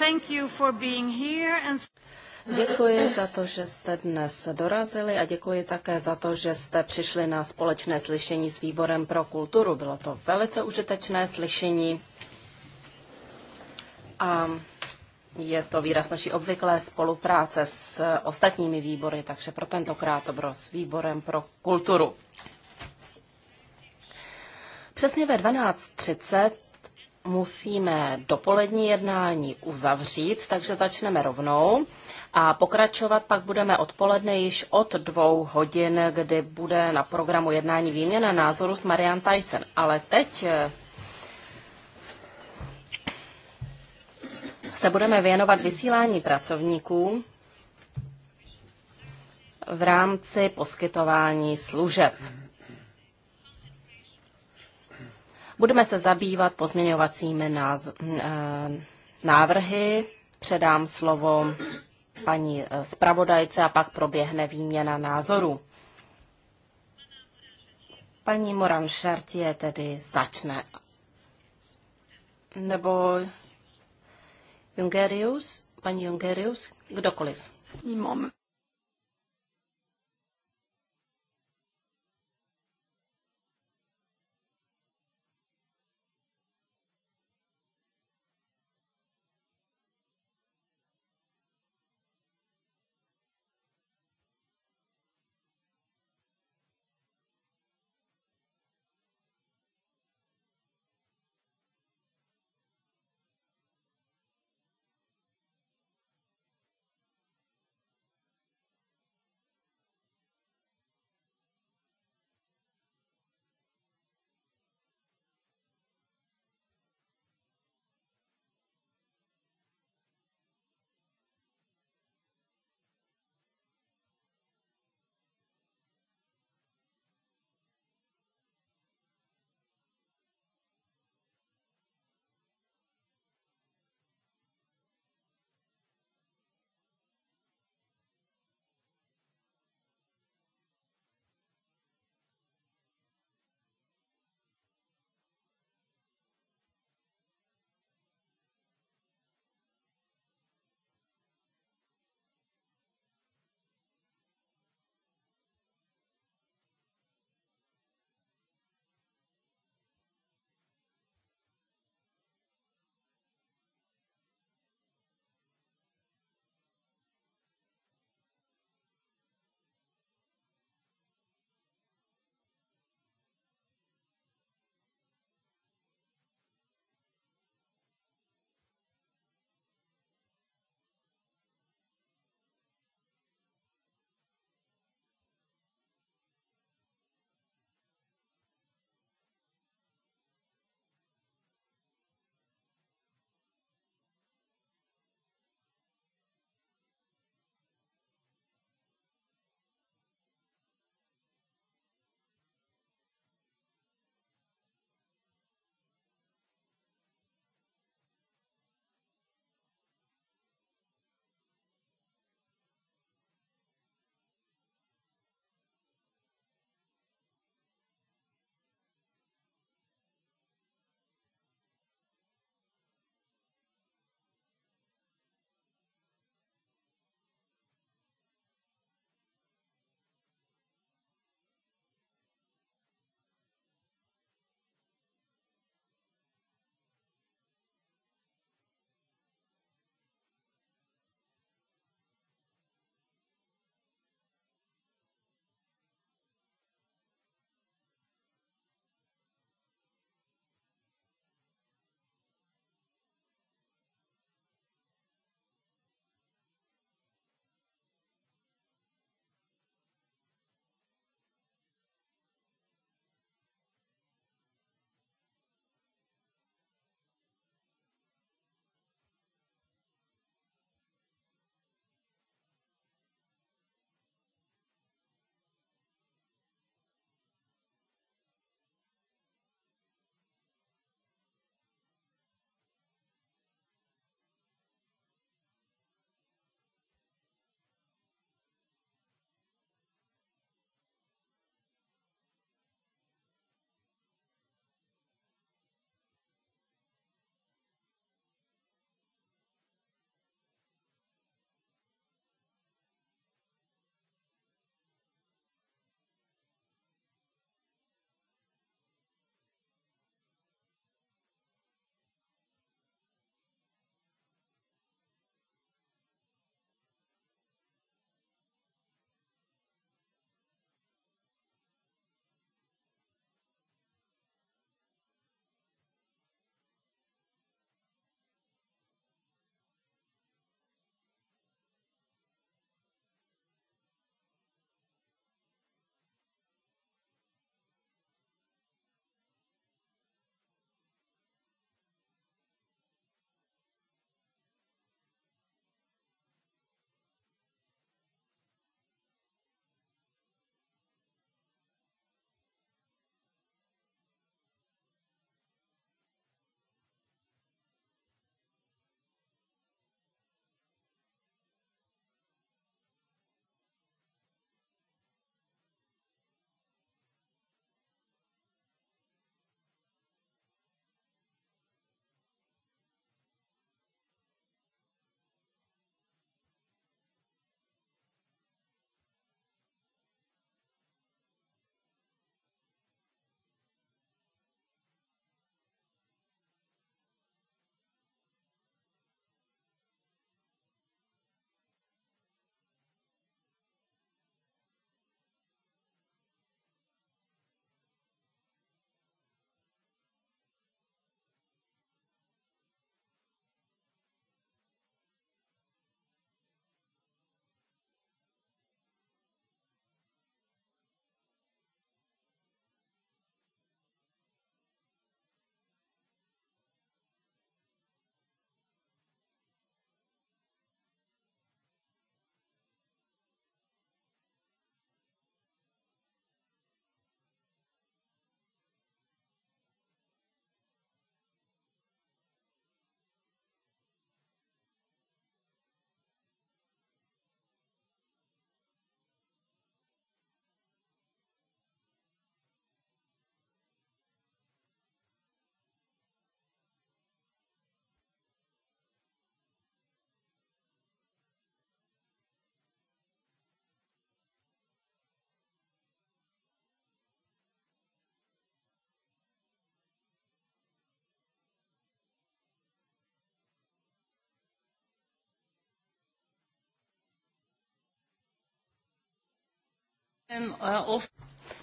Thank you for being here and... Děkuji za to, že jste dnes dorazili a děkuji také za to, že jste přišli na společné slyšení s Výborem pro kulturu. Bylo to velice užitečné slyšení a je to výraz naší obvyklé spolupráce s ostatními výbory, takže pro tentokrát to bylo s Výborem pro kulturu. Přesně ve 12.30 musíme dopolední jednání uzavřít, takže začneme rovnou a pokračovat pak budeme odpoledne již od dvou hodin, kdy bude na programu jednání výměna názoru s Marian Tyson. Ale teď eh, se budeme věnovat vysílání pracovníků v rámci poskytování služeb. Budeme se zabývat pozměňovacími eh, návrhy. Předám slovo paní eh, zpravodajce a pak proběhne výměna názorů. Paní Moran je tedy začne. Nebo Jungerius, paní Jungerius, kdokoliv. Mím.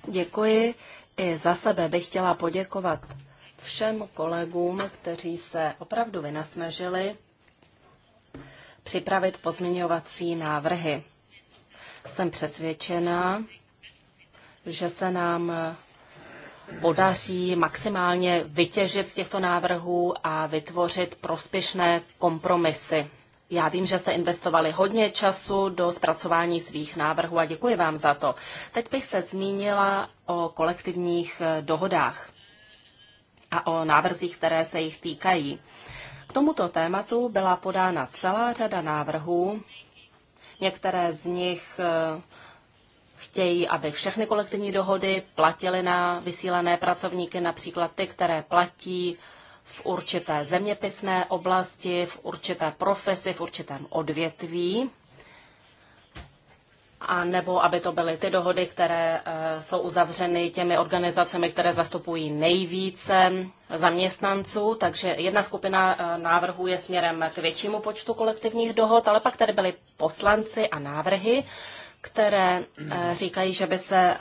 Děkuji. I za sebe bych chtěla poděkovat všem kolegům, kteří se opravdu vynasnažili připravit pozměňovací návrhy. Jsem přesvědčená, že se nám podaří maximálně vytěžit z těchto návrhů a vytvořit prospěšné kompromisy. Já vím, že jste investovali hodně času do zpracování svých návrhů a děkuji vám za to. Teď bych se zmínila o kolektivních eh, dohodách a o návrzích, které se jich týkají. K tomuto tématu byla podána celá řada návrhů. Některé z nich eh, chtějí, aby všechny kolektivní dohody platily na vysílané pracovníky, například ty, které platí v určité zeměpisné oblasti, v určité profesi, v určitém odvětví. A nebo aby to byly ty dohody, které eh, jsou uzavřeny těmi organizacemi, které zastupují nejvíce zaměstnanců. Takže jedna skupina eh, návrhů je směrem k většímu počtu kolektivních dohod, ale pak tady byly poslanci a návrhy, které eh, říkají, že by se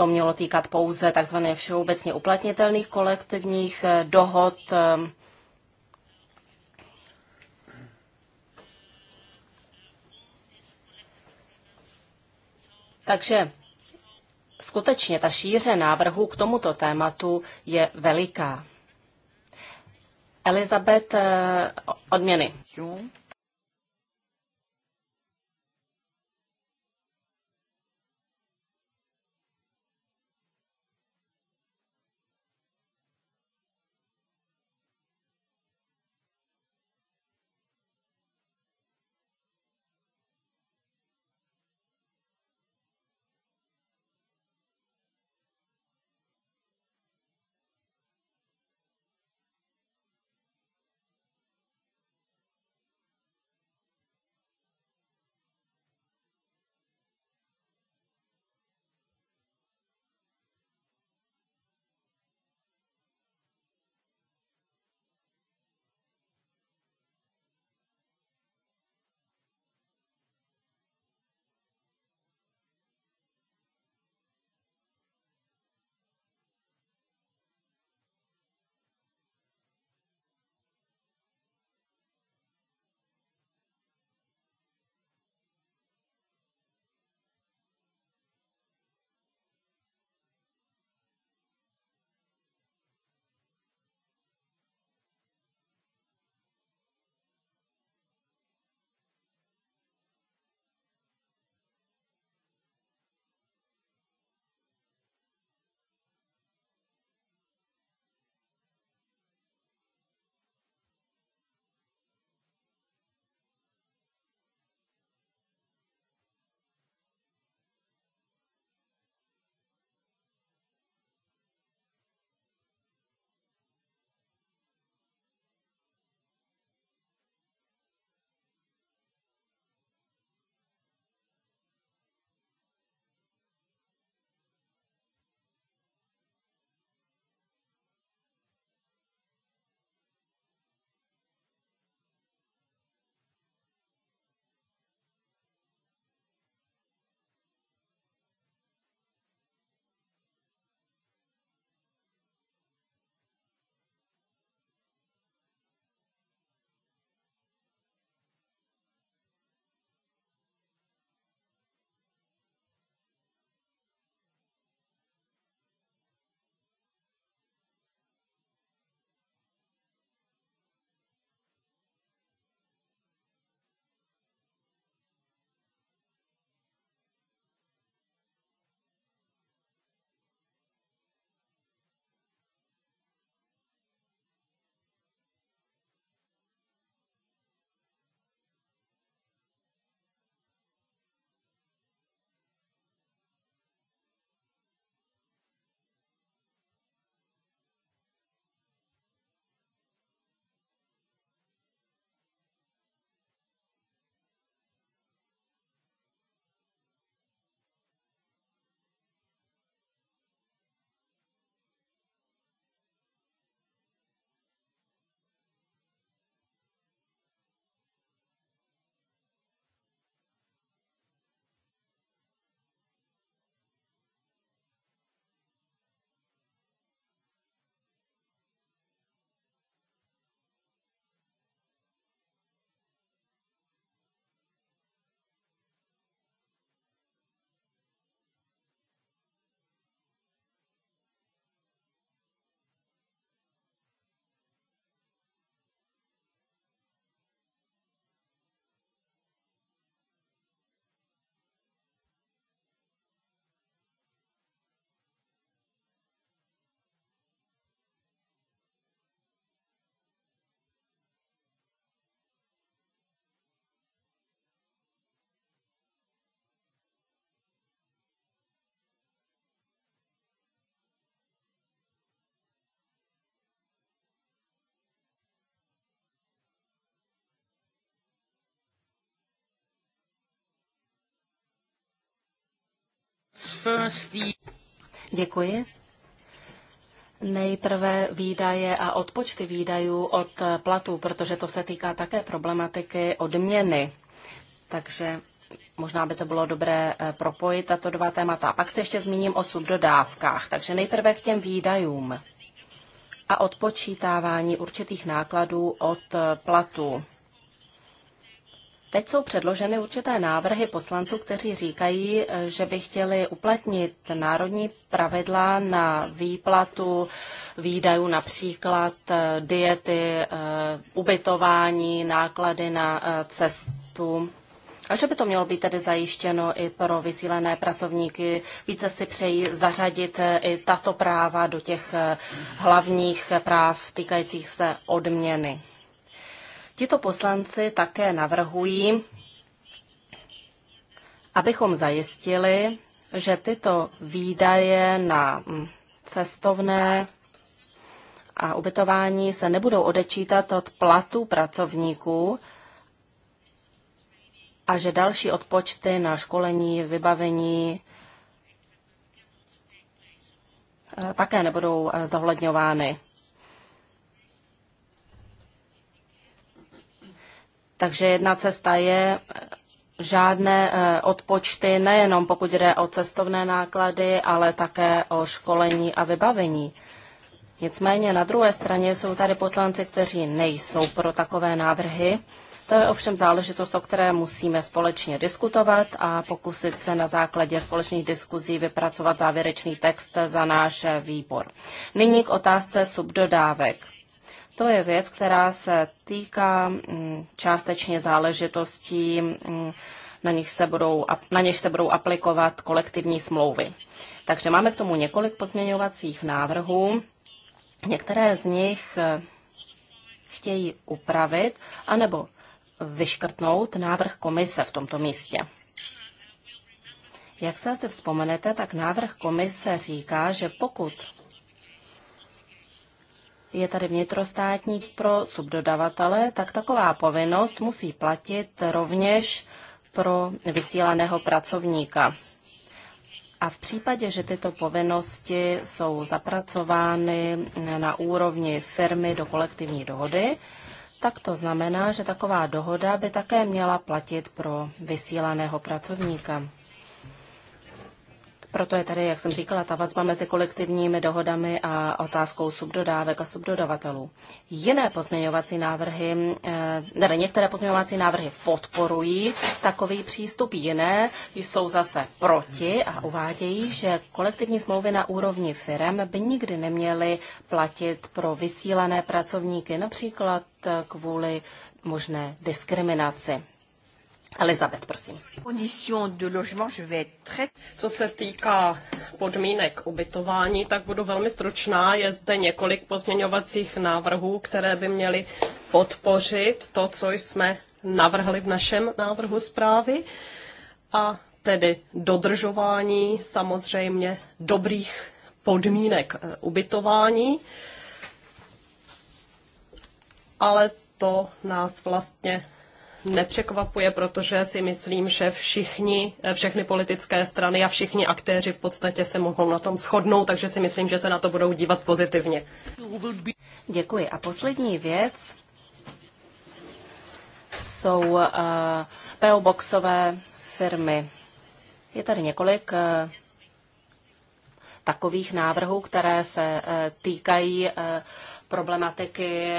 to mělo týkat pouze tzv. všeobecně uplatnitelných kolektivních eh, dohod. Eh, Takže skutečně ta šíře návrhu k tomuto tématu je veliká. Elizabeth, eh, odměny. Děkuji. Nejprve výdaje a odpočty výdajů od platů, protože to se týká také problematiky odměny. Takže možná by to bylo dobré eh, propojit tato dva témata. A pak se ještě zmíním o subdodávkách. Takže nejprve k těm výdajům a odpočítávání určitých nákladů od eh, platů. Teď jsou předloženy určité návrhy poslanců, kteří říkají, eh, že by chtěli uplatnit národní pravidla na výplatu výdajů, například eh, diety, eh, ubytování, náklady na cestu. A že by to mělo být tedy zajištěno i pro vysílené pracovníky. Více si přejí zařadit i tato práva do těch hlavních práv týkajících se odměny. Tito poslanci také navrhují, abychom zajistili, že tyto výdaje na mm, cestovné a ubytování se nebudou odečítat od platu pracovníků a že další odpočty na školení, vybavení eh, také nebudou eh, zohledňovány. Takže jedna cesta je eh, žádné eh, odpočty, nejenom pokud jde o cestovné náklady, ale také o školení a vybavení. Nicméně na druhé straně jsou tady poslanci, kteří nejsou pro takové návrhy. To je ovšem záležitost, o které musíme společně diskutovat a pokusit se na základě společných diskuzí vypracovat závěrečný text za náš výbor. Nyní k otázce subdodávek. To je věc, která se týká mm, částečně záležitostí, mm, na nich se budou, na něž se budou aplikovat kolektivní smlouvy. Takže máme k tomu několik pozměňovacích návrhů. Některé z nich eh, chtějí upravit anebo vyškrtnout návrh komise v tomto místě. Jak se asi vzpomenete, tak návrh komise říká, že pokud je tady vnitrostátní pro subdodavatele, tak taková povinnost musí platit rovněž pro vysílaného pracovníka. A v případě, že tyto povinnosti jsou zapracovány na úrovni firmy do kolektivní dohody, tak to znamená, že taková dohoda by také měla platit pro vysílaného pracovníka. Proto je tady, jak jsem říkala, ta vazba mezi kolektivními dohodami a otázkou subdodávek a subdodavatelů. Jiné pozměňovací návrhy, eh, tedy některé pozměňovací návrhy podporují takový přístup, jiné jsou zase proti a uvádějí, že kolektivní smlouvy na úrovni firm by nikdy neměly platit pro vysílané pracovníky, například eh, kvůli možné diskriminaci. Elizabeth, prosím. Co se týká podmínek ubytování, tak budu velmi stručná. Je zde několik pozměňovacích návrhů, které by měly podpořit to, co jsme navrhli v našem návrhu zprávy. A tedy dodržování samozřejmě dobrých podmínek eh, ubytování. Ale to nás vlastně nepřekvapuje, protože si myslím, že všichni, eh, všechny politické strany a všichni aktéři v podstatě se mohou na tom shodnout, takže si myslím, že se na to budou dívat pozitivně. Děkuji. A poslední věc jsou uh, eh, PO boxové firmy. Je tady několik uh, takových návrhů, které se týkají problematiky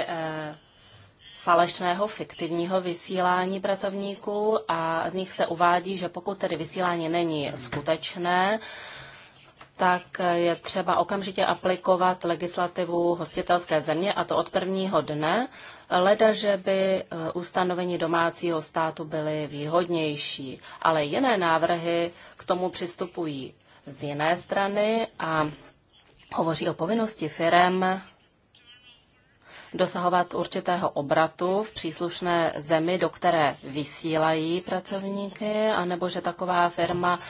falešného, fiktivního vysílání pracovníků a z nich se uvádí, že pokud tedy vysílání není skutečné, tak je třeba okamžitě aplikovat legislativu hostitelské země a to od prvního dne, leda, že by eh, ustanovení domácího státu byly výhodnější. Ale jiné návrhy k tomu přistupují z jiné strany a hovoří o povinnosti firem dosahovat určitého obratu v příslušné zemi, do které vysílají pracovníky, anebo že taková firma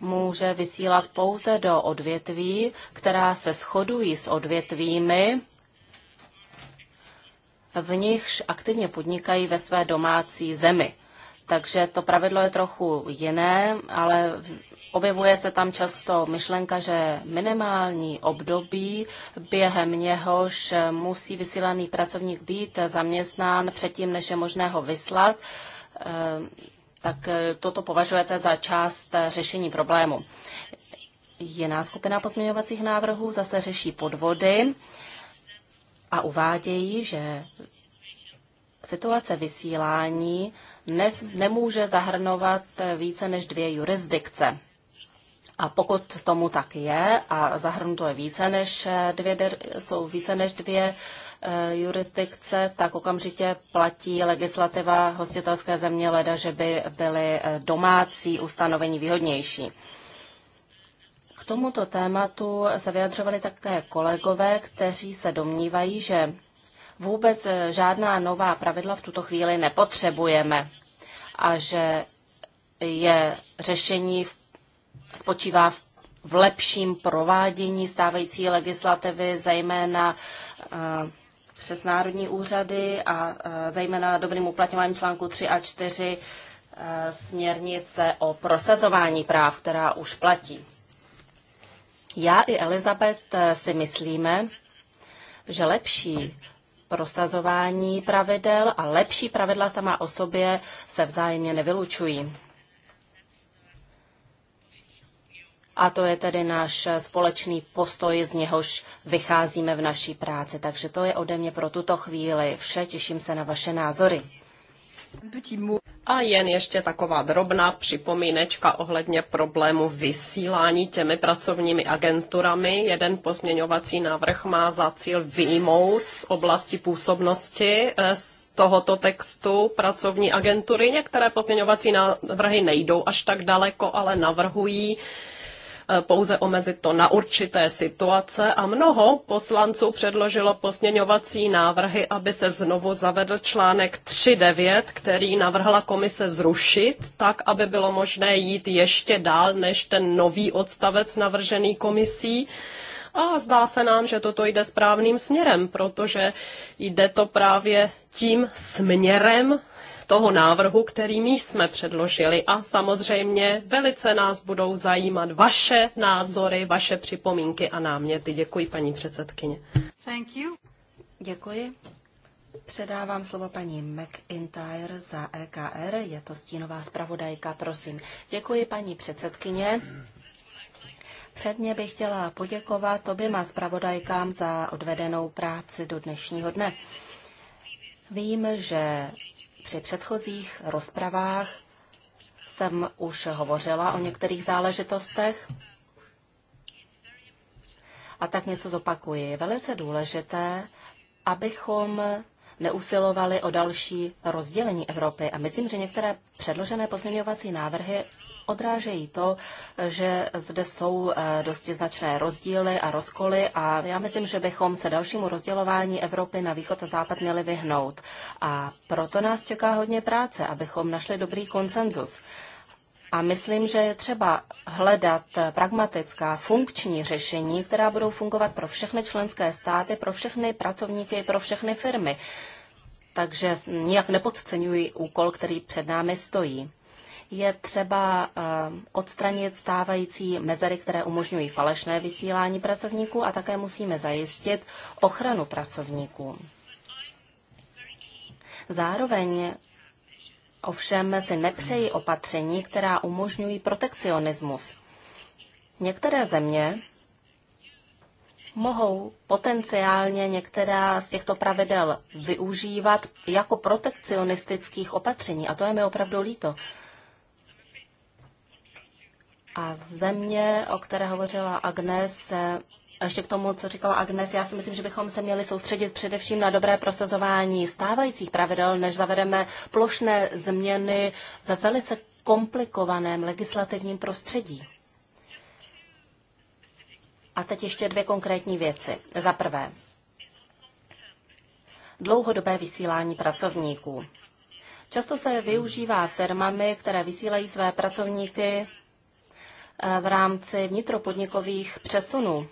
může vysílat pouze do odvětví, která se shodují s odvětvími, v nichž aktivně podnikají ve své domácí zemi. Takže to pravidlo je trochu jiné, ale objevuje se tam často myšlenka, že minimální období, během něhož musí vysílaný pracovník být zaměstnán předtím, než je možné ho vyslat, eh, tak toto považujete za část řešení problému. Jiná skupina pozměňovacích návrhů zase řeší podvody a uvádějí, že situace vysílání nes, nemůže zahrnovat více než dvě jurisdikce. A pokud tomu tak je a zahrnuto je více než eh, dvě, jsou více než dvě eh, jurisdikce, tak okamžitě platí legislativa hostitelské země leda, že by byly eh, domácí ustanovení výhodnější. K tomuto tématu se vyjadřovali také kolegové, kteří se domnívají, že vůbec eh, žádná nová pravidla v tuto chvíli nepotřebujeme a že je řešení spočívá v v lepším provádění stávající legislativy, zejména eh, přes národní úřady a eh, zejména dobrým uplatňováním článku 3 a 4 směrnice o prosazování práv, která už platí. Já i Elizabeth si myslíme, že lepší prosazování pravidel a lepší pravidla sama o sobě se vzájemně nevylučují. A to je tedy náš společný postoj, z něhož vycházíme v naší práci. Takže to je ode mě pro tuto chvíli vše. Těším se na vaše názory. A jen ještě taková drobná připomínečka ohledně problému vysílání těmi pracovními agenturami. Jeden pozměňovací návrh má za cíl vyjmout z oblasti působnosti eh, z tohoto textu pracovní agentury. Některé pozměňovací návrhy nejdou až tak daleko, ale navrhují Eh, pouze omezit to na určité situace a mnoho poslanců předložilo posměňovací návrhy, aby se znovu zavedl článek 3.9, který navrhla komise zrušit, tak, aby bylo možné jít ještě dál než ten nový odstavec navržený komisí a zdá se nám, že toto jde správným směrem, protože jde to právě tím směrem, toho návrhu, který my jsme předložili. A samozřejmě velice nás budou zajímat vaše názory, vaše připomínky a náměty. Děkuji, paní předsedkyně. Thank you. Děkuji. Předávám slovo paní McIntyre za EKR. Je to stínová zpravodajka, prosím. Děkuji, paní předsedkyně. Předně bych chtěla poděkovat oběma zpravodajkám za odvedenou práci do dnešního dne. Vím, že při předchozích rozpravách jsem už hovořila o některých záležitostech a tak něco zopakuji. Je velice důležité, abychom neusilovali o další rozdělení Evropy. A myslím, že některé předložené pozměňovací návrhy odrážejí to, že zde jsou eh, dosti značné rozdíly a rozkoly a já myslím, že bychom se dalšímu rozdělování Evropy na východ a západ měli vyhnout. A proto nás čeká hodně práce, abychom našli dobrý konsenzus. A myslím, že je třeba hledat pragmatická, funkční řešení, která budou fungovat pro všechny členské státy, pro všechny pracovníky, pro všechny firmy. Takže nijak nepodceňuji úkol, který před námi stojí je třeba eh, odstranit stávající mezery, které umožňují falešné vysílání pracovníků a také musíme zajistit ochranu pracovníků. Zároveň ovšem si nepřeji opatření, která umožňují protekcionismus. Některé země mohou potenciálně některá z těchto pravidel využívat jako protekcionistických opatření a to je mi opravdu líto. A země, o které hovořila Agnes, a ještě k tomu, co říkala Agnes, já si myslím, že bychom se měli soustředit především na dobré prosazování stávajících pravidel, než zavedeme plošné změny ve velice komplikovaném legislativním prostředí. A teď ještě dvě konkrétní věci. Za prvé, dlouhodobé vysílání pracovníků. Často se využívá firmami, které vysílají své pracovníky v rámci vnitropodnikových přesunů.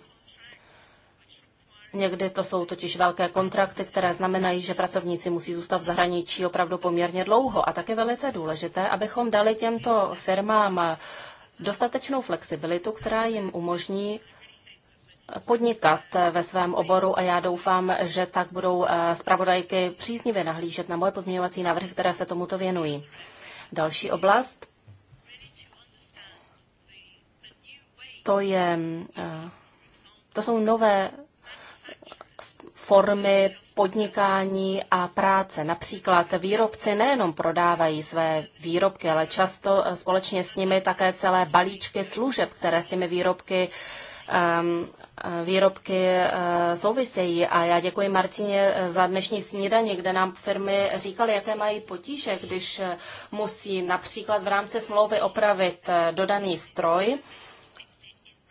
Někdy to jsou totiž velké kontrakty, které znamenají, že pracovníci musí zůstat v zahraničí opravdu poměrně dlouho. A také velice důležité, abychom dali těmto firmám dostatečnou flexibilitu, která jim umožní podnikat ve svém oboru a já doufám, že tak budou eh, zpravodajky příznivě nahlížet na moje pozměňovací návrhy, které se tomuto věnují. Další oblast to, je, eh, to jsou nové formy podnikání a práce. Například výrobci nejenom prodávají své výrobky, ale často společně s nimi také celé balíčky služeb, které s těmi výrobky ehm, výrobky eh, souvisejí. A já děkuji Martině eh, za dnešní snídaní, kde nám firmy říkaly, jaké mají potíže, když musí například v rámci smlouvy opravit dodaný stroj,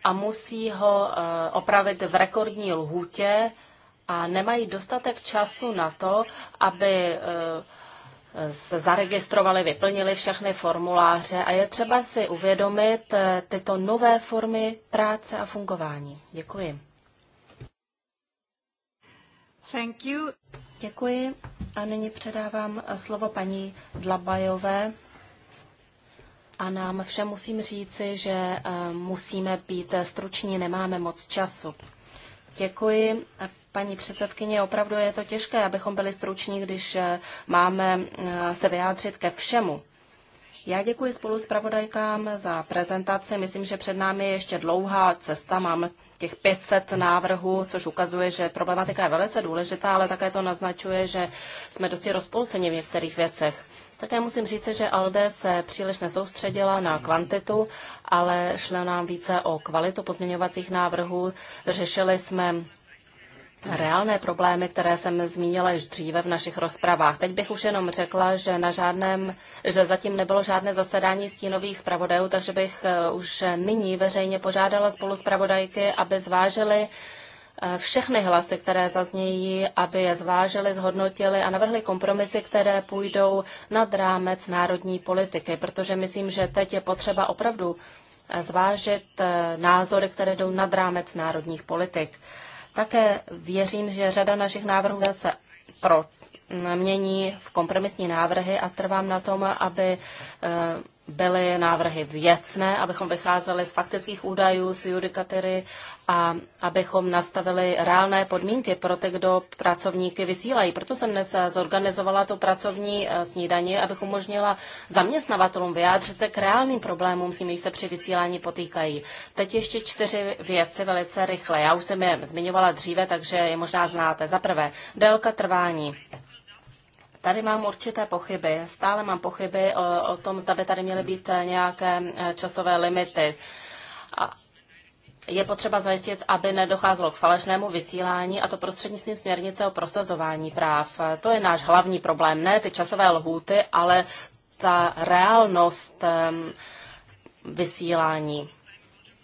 a musí ho eh, opravit v rekordní lhůtě a nemají dostatek času na to, aby eh, se zaregistrovali, vyplnili všechny formuláře a je třeba si uvědomit eh, tyto nové formy práce a fungování. Děkuji. Thank you. Děkuji a nyní předávám slovo paní Dlabajové a nám všem musím říci, že eh, musíme být struční, nemáme moc času. Děkuji. Paní předsedkyně, opravdu je to těžké, abychom byli struční, když eh, máme eh, se vyjádřit ke všemu. Já děkuji spolu s pravodajkám za prezentaci. Myslím, že před námi je ještě dlouhá cesta. Mám těch 500 návrhů, což ukazuje, že problematika je velice důležitá, ale také to naznačuje, že jsme dosti rozpolceni v některých věcech. Také musím říct, že ALDE se příliš nesoustředila na kvantitu, ale šlo nám více o kvalitu pozměňovacích návrhů. Řešili jsme reálné problémy, které jsem zmínila již dříve v našich rozpravách. Teď bych už jenom řekla, že, na žádném, že zatím nebylo žádné zasedání stínových zpravodajů, takže bych eh, už nyní veřejně požádala spolu zpravodajky, aby zvážili Eh, všechny hlasy, které zaznějí, aby je zvážili, zhodnotili a navrhli kompromisy, které půjdou nad rámec národní politiky, protože myslím, že teď je potřeba opravdu eh, zvážit eh, názory, které jdou nad rámec národních politik. Také věřím, že řada našich návrhů se pro mm, mění v kompromisní návrhy a trvám na tom, aby byly návrhy věcné, abychom vycházeli z faktických údajů, z judikatury a abychom nastavili reálné podmínky pro ty, kdo pracovníky vysílají. Proto jsem dnes zorganizovala tu pracovní eh, snídaní, abych umožnila zaměstnavatelům vyjádřit se k reálným problémům, s nimiž se při vysílání potýkají. Teď ještě čtyři věci velice rychle. Já už jsem je zmiňovala dříve, takže je možná znáte. Za prvé, délka trvání Tady mám určité pochyby. Stále mám pochyby o, o tom, zda by tady měly být nějaké eh, časové limity. A je potřeba zajistit, aby nedocházelo k falešnému vysílání a to prostřednictvím směrnice o prosazování práv. Eh, to je náš hlavní problém. Ne ty časové lhůty, ale ta reálnost ehm, vysílání.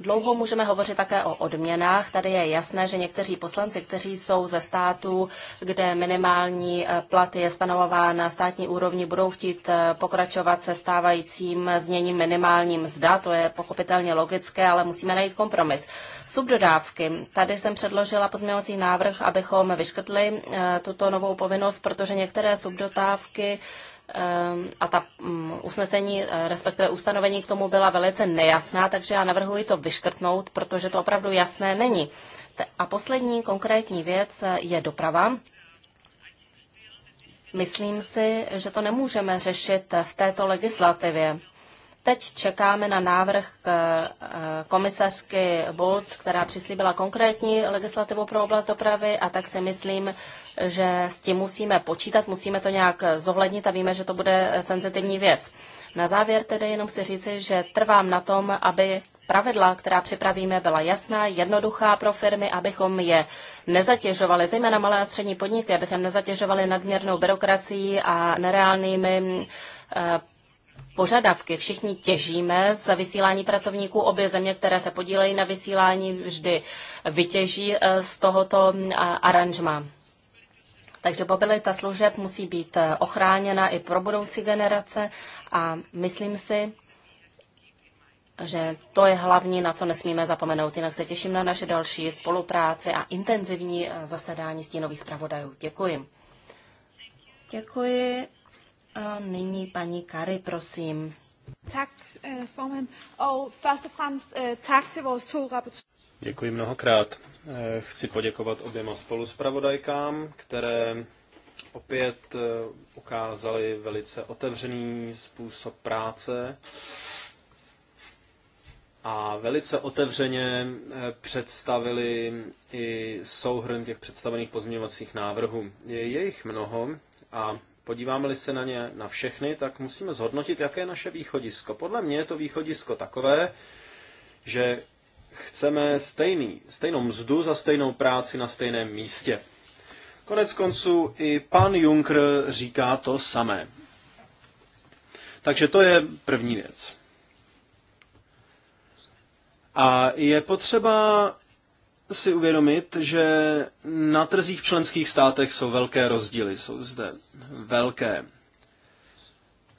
Dlouho můžeme hovořit také o odměnách. Tady je jasné, že někteří poslanci, kteří jsou ze státu, kde minimální eh, plat je stanovován na státní úrovni, budou chtít eh, pokračovat se stávajícím zněním minimální mzda. To je pochopitelně logické, ale musíme najít kompromis. Subdodávky. Tady jsem předložila pozměňovací návrh, abychom vyškrtli eh, tuto novou povinnost, protože některé subdodávky Ehm, a ta mm, usnesení, eh, respektive ustanovení k tomu byla velice nejasná, takže já navrhuji to vyškrtnout, protože to opravdu jasné není. A poslední konkrétní věc eh, je doprava. Myslím si, že to nemůžeme řešit v této legislativě. Teď čekáme na návrh eh, komisařky Bolc, která přislíbila konkrétní legislativu pro oblast dopravy a tak si myslím, že s tím musíme počítat, musíme to nějak zohlednit a víme, že to bude senzitivní věc. Na závěr tedy jenom chci říci, že trvám na tom, aby pravidla, která připravíme, byla jasná, jednoduchá pro firmy, abychom je nezatěžovali, zejména malé a střední podniky, abychom nezatěžovali nadměrnou byrokracií a nereálnými eh, požadavky. Všichni těžíme z vysílání pracovníků. Obě země, které se podílejí na vysílání, vždy vytěží eh, z tohoto eh, aranžma. Takže mobilita služeb musí být eh, ochráněna i pro budoucí generace a myslím si, že to je hlavní, na co nesmíme zapomenout. Jinak se těším na naše další spolupráci a intenzivní zasedání stínových zpravodajů. Děkuji. Děkuji nyní paní Kary, prosím. Tak, eh, formen. Eh, tak to Děkuji mnohokrát. Eh, chci poděkovat oběma spoluspravodajkám, které opět ukázali velice otevřený způsob práce a velice otevřeně představili i souhrn těch představených pozměňovacích návrhů. Je jich mnoho a Podíváme-li se na ně na všechny, tak musíme zhodnotit, jaké je naše východisko. Podle mě je to východisko takové, že chceme stejný, stejnou mzdu za stejnou práci na stejném místě. Konec konců i pan Juncker říká to samé. Takže to je první věc. A je potřeba si uvědomit, že na trzích v členských státech jsou velké rozdíly. Jsou zde velké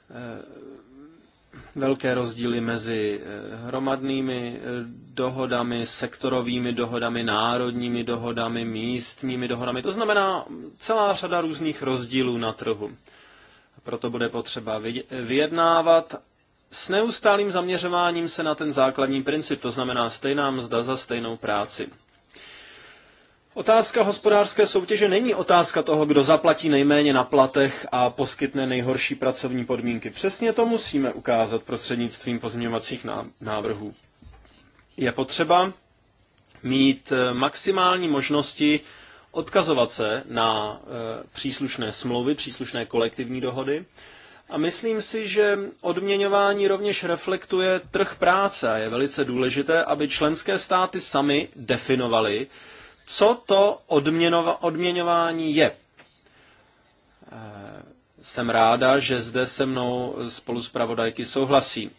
eh, velké rozdíly mezi eh, hromadnými eh, dohodami, sektorovými dohodami, národními dohodami, místními dohodami. To znamená celá řada různých rozdílů na trhu. Proto bude potřeba vyjednávat s neustálým zaměřováním se na ten základní princip, to znamená stejná mzda za stejnou práci. Otázka hospodářské soutěže není otázka toho, kdo zaplatí nejméně na platech a poskytne nejhorší pracovní podmínky. Přesně to musíme ukázat prostřednictvím pozměňovacích návrhů. Je potřeba mít eh, maximální možnosti odkazovat se na eh, příslušné smlouvy, příslušné kolektivní dohody. A myslím si, že odměňování rovněž reflektuje trh práce a je velice důležité, aby členské státy sami definovaly, co to odměnova, odměňování je. Eh, jsem ráda, že zde se mnou spolu pravodajky souhlasí.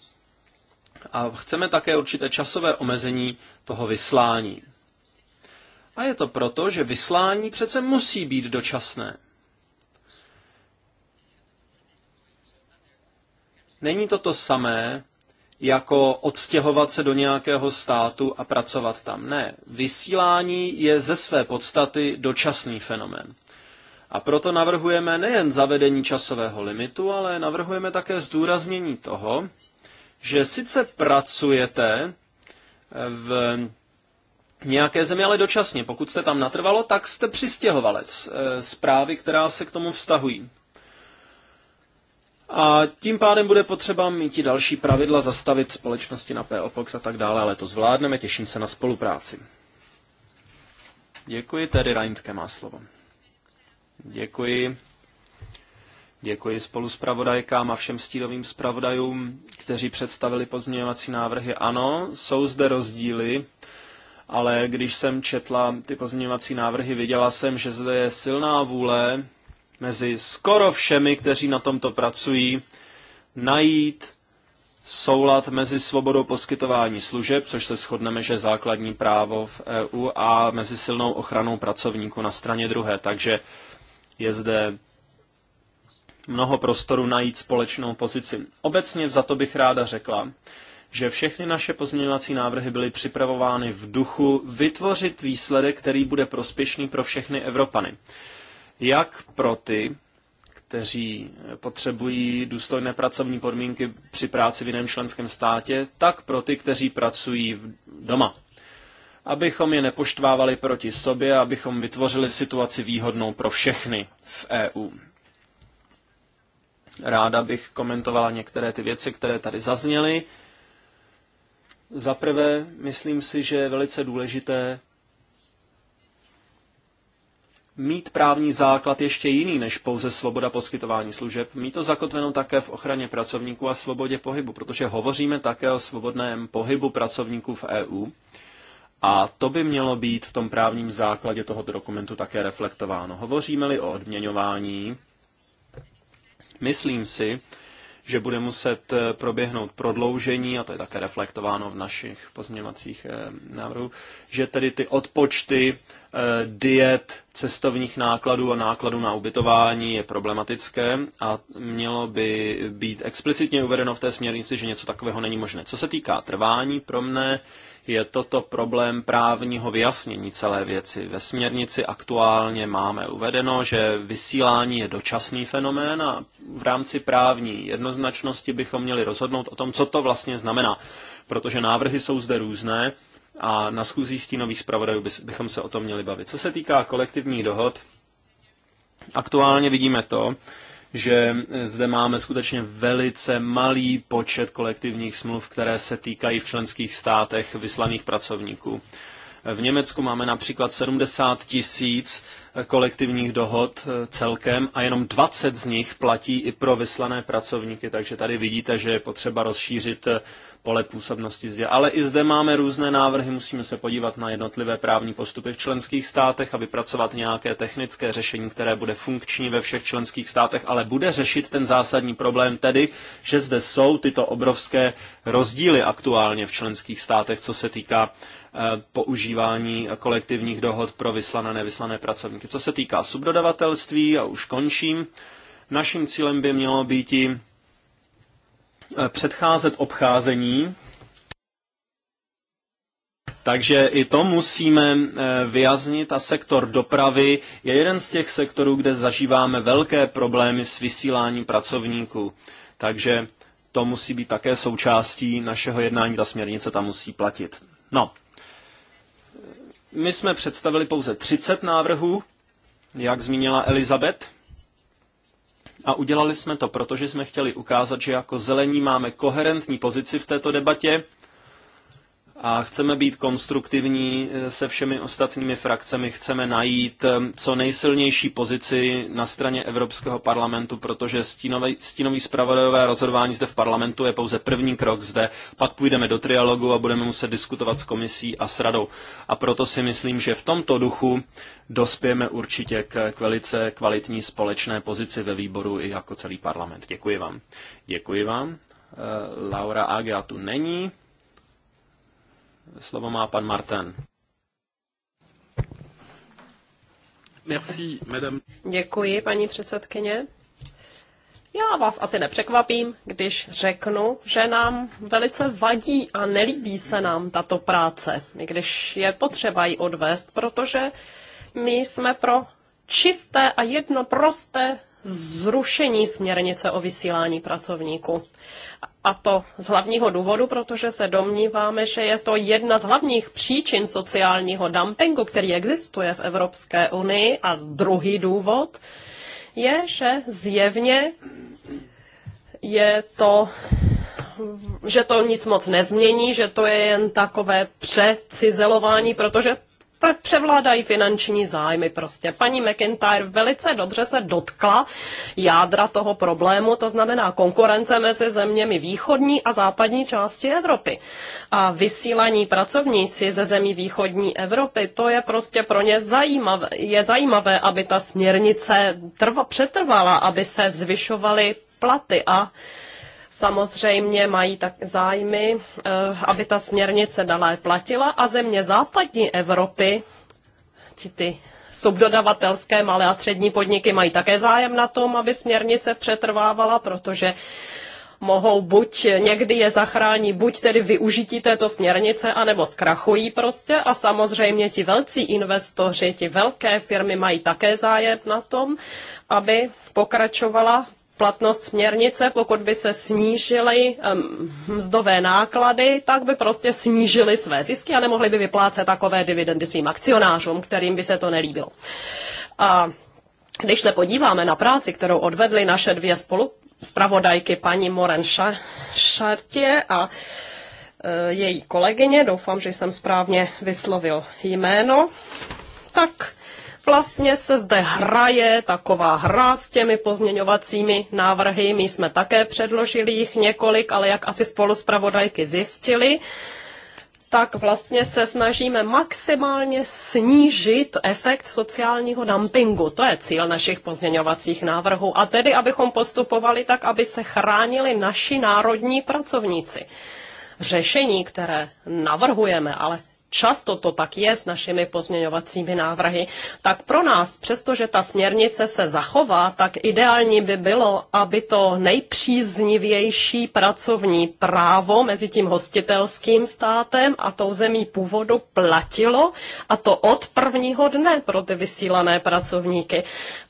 A chceme také určité časové omezení toho vyslání. A je to proto, že vyslání přece musí být dočasné. Není to to samé, jako odstěhovat se do nějakého státu a pracovat tam. Ne, vysílání je ze své podstaty dočasný fenomén. A proto navrhujeme nejen zavedení časového limitu, ale navrhujeme také zdůraznění toho, že sice pracujete eh, v nějaké zemi, ale dočasně. Pokud jste tam natrvalo, tak jste přistěhovalec. Eh, Zprávy, která se k tomu vztahují. A tím pádem bude potřeba mít i další pravidla, zastavit společnosti na PLPOX a tak dále, ale to zvládneme, těším se na spolupráci. Děkuji, tedy Reintke má slovo. Děkuji. Děkuji spolu zpravodajkám a všem stílovým zpravodajům, kteří představili pozměňovací návrhy. Ano, jsou zde rozdíly, ale když jsem četla ty pozměňovací návrhy, viděla jsem, že zde je silná vůle mezi skoro všemi, kteří na tomto pracují, najít soulad mezi svobodou poskytování služeb, což se shodneme, že je základní právo v EU, a mezi silnou ochranou pracovníků na straně druhé. Takže je zde mnoho prostoru najít společnou pozici. Obecně za to bych ráda řekla, že všechny naše pozměňovací návrhy byly připravovány v duchu vytvořit výsledek, který bude prospěšný pro všechny Evropany jak pro ty, kteří potřebují důstojné pracovní podmínky při práci v jiném členském státě, tak pro ty, kteří pracují doma. Abychom je nepoštvávali proti sobě, abychom vytvořili situaci výhodnou pro všechny v EU. Ráda bych komentovala některé ty věci, které tady zazněly. Za prvé, myslím si, že je velice důležité mít právní základ ještě jiný než pouze svoboda poskytování služeb, mít to zakotveno také v ochraně pracovníků a svobodě pohybu, protože hovoříme také o svobodném pohybu pracovníků v EU a to by mělo být v tom právním základě tohoto dokumentu také reflektováno. Hovoříme-li o odměňování, myslím si, že bude muset eh, proběhnout prodloužení, a to je také reflektováno v našich pozměňovacích eh, návrhů, že tedy ty odpočty eh, diet, cestovních nákladů a nákladů na ubytování je problematické a mělo by být explicitně uvedeno v té směrnici, že něco takového není možné. Co se týká trvání, pro mne je toto problém právního vyjasnění celé věci. Ve směrnici aktuálně máme uvedeno, že vysílání je dočasný fenomén a v rámci právní jednoznačnosti bychom měli rozhodnout o tom, co to vlastně znamená, protože návrhy jsou zde různé a na schůzí stínových zpravodajů bychom se o tom měli bavit. Co se týká kolektivních dohod, aktuálně vidíme to, že zde máme skutečně velice malý počet kolektivních smluv, které se týkají v členských státech vyslaných pracovníků. V Německu máme například 70 tisíc kolektivních dohod eh, celkem a jenom 20 z nich platí i pro vyslané pracovníky, takže tady vidíte, že je potřeba rozšířit eh, pole působnosti. Ale i zde máme různé návrhy, musíme se podívat na jednotlivé právní postupy v členských státech a vypracovat nějaké technické řešení, které bude funkční ve všech členských státech, ale bude řešit ten zásadní problém, tedy, že zde jsou tyto obrovské rozdíly aktuálně v členských státech, co se týká eh, používání kolektivních dohod pro vyslané a nevyslané pracovníky. Co se týká subdodavatelství, a už končím, naším cílem by mělo být i Eh, předcházet obcházení. Takže i to musíme eh, vyjaznit a sektor dopravy je jeden z těch sektorů, kde zažíváme velké problémy s vysíláním pracovníků. Takže to musí být také součástí našeho jednání, ta směrnice tam musí platit. No, my jsme představili pouze 30 návrhů, jak zmínila Elizabeth. A udělali jsme to, protože jsme chtěli ukázat, že jako zelení máme koherentní pozici v této debatě a chceme být konstruktivní eh, se všemi ostatními frakcemi, chceme najít eh, co nejsilnější pozici na straně Evropského parlamentu, protože stínový, stínový spravodajové rozhodování zde v parlamentu je pouze první krok zde, pak půjdeme do trialogu a budeme muset diskutovat s komisí a s radou. A proto si myslím, že v tomto duchu dospějeme určitě k, k velice kvalitní společné pozici ve výboru i jako celý parlament. Děkuji vám. Děkuji vám. Eh, Laura Agia tu není. Slovo má pan Martin. Merci, madame. Děkuji, paní předsedkyně. Já vás asi nepřekvapím, když řeknu, že nám velice vadí a nelíbí se nám tato práce, i když je potřeba ji odvést, protože my jsme pro čisté a jedno prosté zrušení směrnice o vysílání pracovníků. A to z hlavního důvodu, protože se domníváme, že je to jedna z hlavních příčin sociálního dumpingu, který existuje v Evropské unii. A druhý důvod je, že zjevně je to že to nic moc nezmění, že to je jen takové přecizelování, protože převládají finanční zájmy prostě. Paní McIntyre velice dobře se dotkla jádra toho problému, to znamená konkurence mezi zeměmi východní a západní části Evropy. A vysílaní pracovníci ze zemí východní Evropy, to je prostě pro ně zajímavé, je zajímavé, aby ta směrnice trva, přetrvala, aby se zvyšovaly platy a samozřejmě mají tak zájmy, eh, aby ta směrnice dále platila a země západní Evropy, či ty subdodavatelské malé a střední podniky mají také zájem na tom, aby směrnice přetrvávala, protože mohou buď někdy je zachrání, buď tedy využití této směrnice, anebo zkrachují prostě. A samozřejmě ti velcí investoři, ti velké firmy mají také zájem na tom, aby pokračovala platnost směrnice, pokud by se snížily mzdové náklady, tak by prostě snížily své zisky a nemohly by vyplácet takové dividendy svým akcionářům, kterým by se to nelíbilo. A když se podíváme na práci, kterou odvedly naše dvě spolu zpravodajky paní Moren Šartě a e, její kolegyně, doufám, že jsem správně vyslovil jméno, tak Vlastně se zde hraje taková hra s těmi pozměňovacími návrhy. My jsme také předložili jich několik, ale jak asi spolu pravodajky zjistili, tak vlastně se snažíme maximálně snížit efekt sociálního dumpingu. To je cíl našich pozměňovacích návrhů. A tedy, abychom postupovali tak, aby se chránili naši národní pracovníci. Řešení, které navrhujeme, ale často to tak je s našimi pozměňovacími návrhy, tak pro nás, přestože ta směrnice se zachová, tak ideální by bylo, aby to nejpříznivější pracovní právo mezi tím hostitelským státem a tou zemí původu platilo a to od prvního dne pro ty vysílané pracovníky.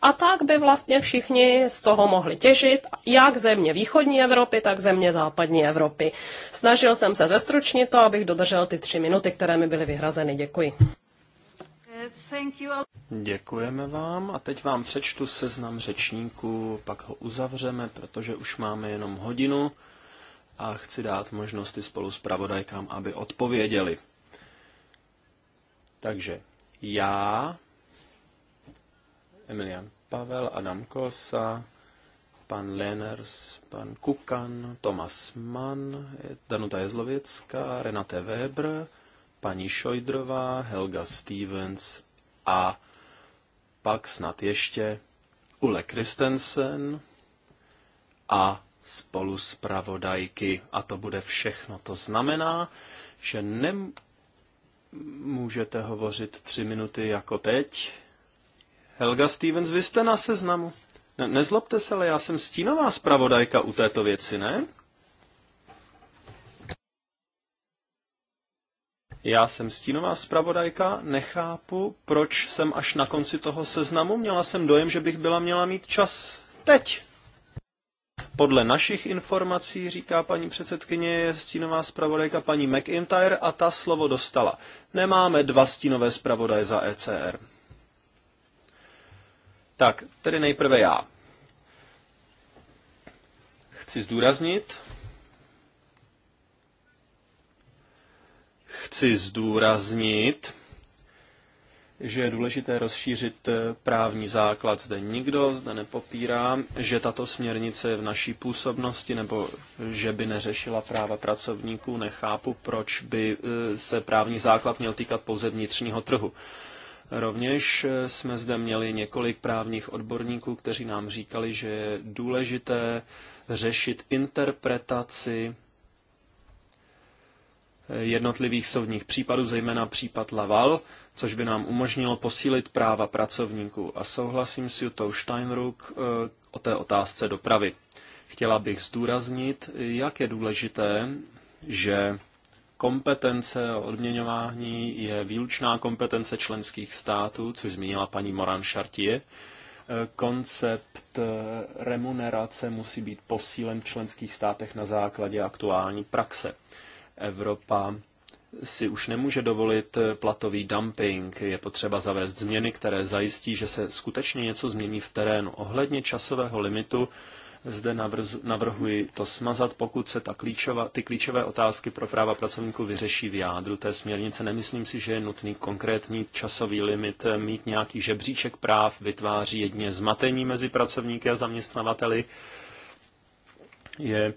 A tak by vlastně všichni z toho mohli těžit, jak země východní Evropy, tak země západní Evropy. Snažil jsem se zestručnit to, abych dodržel ty tři minuty, které mi byly byly vyhrazeny. Děkuji. Děkujeme vám a teď vám přečtu seznam řečníků, pak ho uzavřeme, protože už máme jenom hodinu a chci dát možnosti spolu s pravodajkám, aby odpověděli. Takže já, Emilian Pavel, Adam Kosa, pan Leners, pan Kukan, Tomas Mann, Danuta Jezlověcká, Renate Weber, paní Šojdrová, Helga Stevens a pak snad ještě Ule Kristensen a spolu s pravodajky. A to bude všechno. To znamená, že nemůžete hovořit tři minuty jako teď. Helga Stevens, vy jste na seznamu. Ne, nezlobte se, ale já jsem stínová zpravodajka u této věci, ne? Já jsem stínová zpravodajka, nechápu, proč jsem až na konci toho seznamu. Měla jsem dojem, že bych byla měla mít čas teď. Podle našich informací, říká paní předsedkyně, je stínová zpravodajka paní McIntyre a ta slovo dostala. Nemáme dva stínové zpravodaje za ECR. Tak, tedy nejprve já. Chci zdůraznit, chci zdůraznit, že je důležité rozšířit eh, právní základ. Zde nikdo zde nepopírá, že tato směrnice je v naší působnosti nebo že by neřešila práva pracovníků. Nechápu, proč by eh, se právní základ měl týkat pouze vnitřního trhu. Rovněž eh, jsme zde měli několik právních odborníků, kteří nám říkali, že je důležité řešit interpretaci jednotlivých soudních případů, zejména případ Laval, což by nám umožnilo posílit práva pracovníků. A souhlasím s Jutou Steinruck eh, o té otázce dopravy. Chtěla bych zdůraznit, jak je důležité, že kompetence odměňování je výlučná kompetence členských států, což zmínila paní Moran Chartier. Eh, koncept eh, remunerace musí být posílen v členských státech na základě aktuální praxe. Evropa si už nemůže dovolit platový dumping. Je potřeba zavést změny, které zajistí, že se skutečně něco změní v terénu. Ohledně časového limitu zde navrhuji to smazat, pokud se ta klíčová, ty klíčové otázky pro práva pracovníků vyřeší v jádru té směrnice. Nemyslím si, že je nutný konkrétní časový limit mít nějaký žebříček práv, vytváří jedně zmatení mezi pracovníky a zaměstnavateli. Je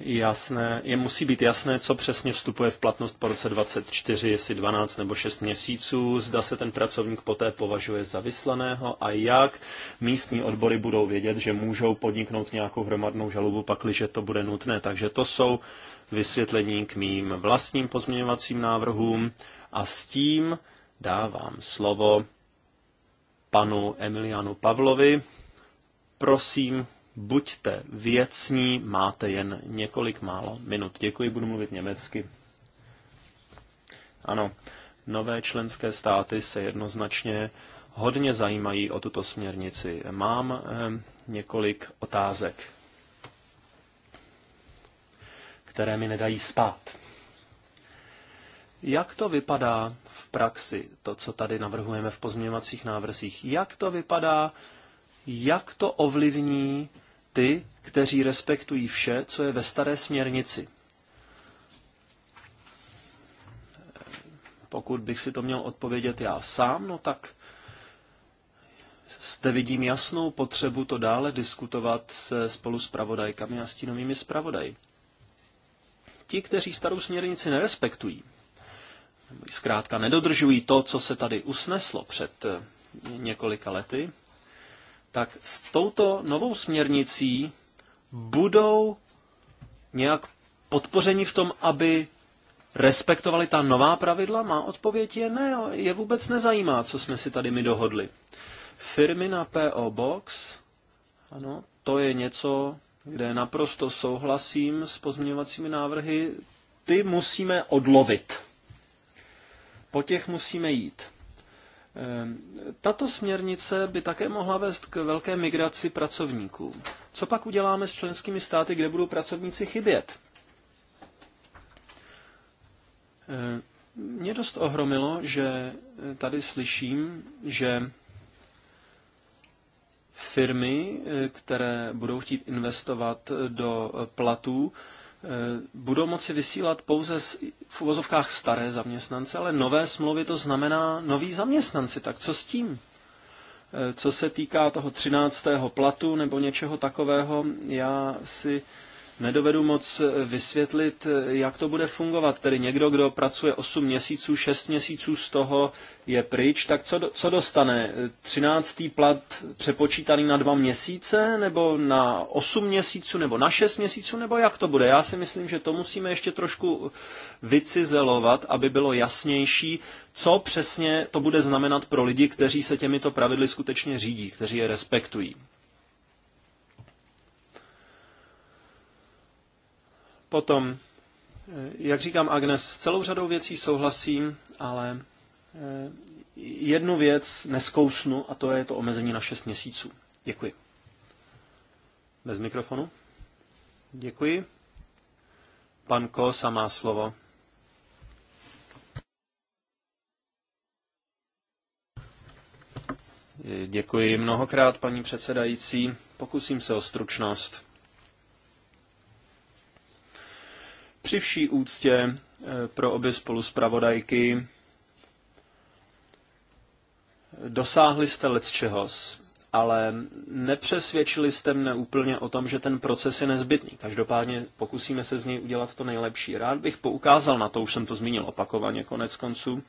jasné, je musí být jasné, co přesně vstupuje v platnost po roce 24, jestli 12 nebo 6 měsíců, zda se ten pracovník poté považuje za vyslaného a jak místní odbory budou vědět, že můžou podniknout nějakou hromadnou žalobu, pakliže to bude nutné. Takže to jsou vysvětlení k mým vlastním pozměňovacím návrhům a s tím dávám slovo panu Emilianu Pavlovi. Prosím, buďte věcní, máte jen několik málo minut. Děkuji, budu mluvit německy. Ano, nové členské státy se jednoznačně hodně zajímají o tuto směrnici. Mám eh, několik otázek, které mi nedají spát. Jak to vypadá v praxi, to, co tady navrhujeme v pozměňovacích návrzích? Jak to vypadá, jak to ovlivní ty, kteří respektují vše, co je ve staré směrnici. Pokud bych si to měl odpovědět já sám, no tak zde vidím jasnou potřebu to dále diskutovat se spolu s pravodajkami a stínovými zpravodaji. Ti, kteří starou směrnici nerespektují, zkrátka nedodržují to, co se tady usneslo před několika lety, tak s touto novou směrnicí budou nějak podpořeni v tom, aby respektovali ta nová pravidla? Má odpověď je ne, je vůbec nezajímá, co jsme si tady my dohodli. Firmy na PO Box, ano, to je něco, kde naprosto souhlasím s pozměňovacími návrhy, ty musíme odlovit. Po těch musíme jít. Ehm, tato směrnice by také mohla vést k velké migraci pracovníků. Co pak uděláme s členskými státy, kde budou pracovníci chybět? Ehm, mě dost ohromilo, že eh, tady slyším, že firmy, eh, které budou chtít investovat do eh, platů, Eh, budou moci vysílat pouze v uvozovkách staré zaměstnance, ale nové smlouvy to znamená noví zaměstnanci. Tak co s tím? Eh, co se týká toho 13. platu nebo něčeho takového, já si nedovedu moc eh, vysvětlit, eh, jak to bude fungovat. Tedy někdo, kdo pracuje 8 měsíců, 6 měsíců z toho je pryč, tak co, co dostane? 13. plat přepočítaný na 2 měsíce, nebo na 8 měsíců, nebo na 6 měsíců, nebo jak to bude? Já si myslím, že to musíme ještě trošku vycizelovat, aby bylo jasnější, co přesně to bude znamenat pro lidi, kteří se těmito pravidly skutečně řídí, kteří je respektují. Potom, eh, jak říkám Agnes, s celou řadou věcí souhlasím, ale eh, jednu věc neskousnu a to je to omezení na 6 měsíců. Děkuji. Bez mikrofonu. Děkuji. Pan Kosa má slovo. Děkuji mnohokrát, paní předsedající. Pokusím se o stručnost. Při vší úctě eh, pro obě spoluspravodajky dosáhli jste lec čehos, ale nepřesvědčili jste mne úplně o tom, že ten proces je nezbytný. Každopádně pokusíme se z něj udělat to nejlepší. Rád bych poukázal na to, už jsem to zmínil opakovaně konec konců,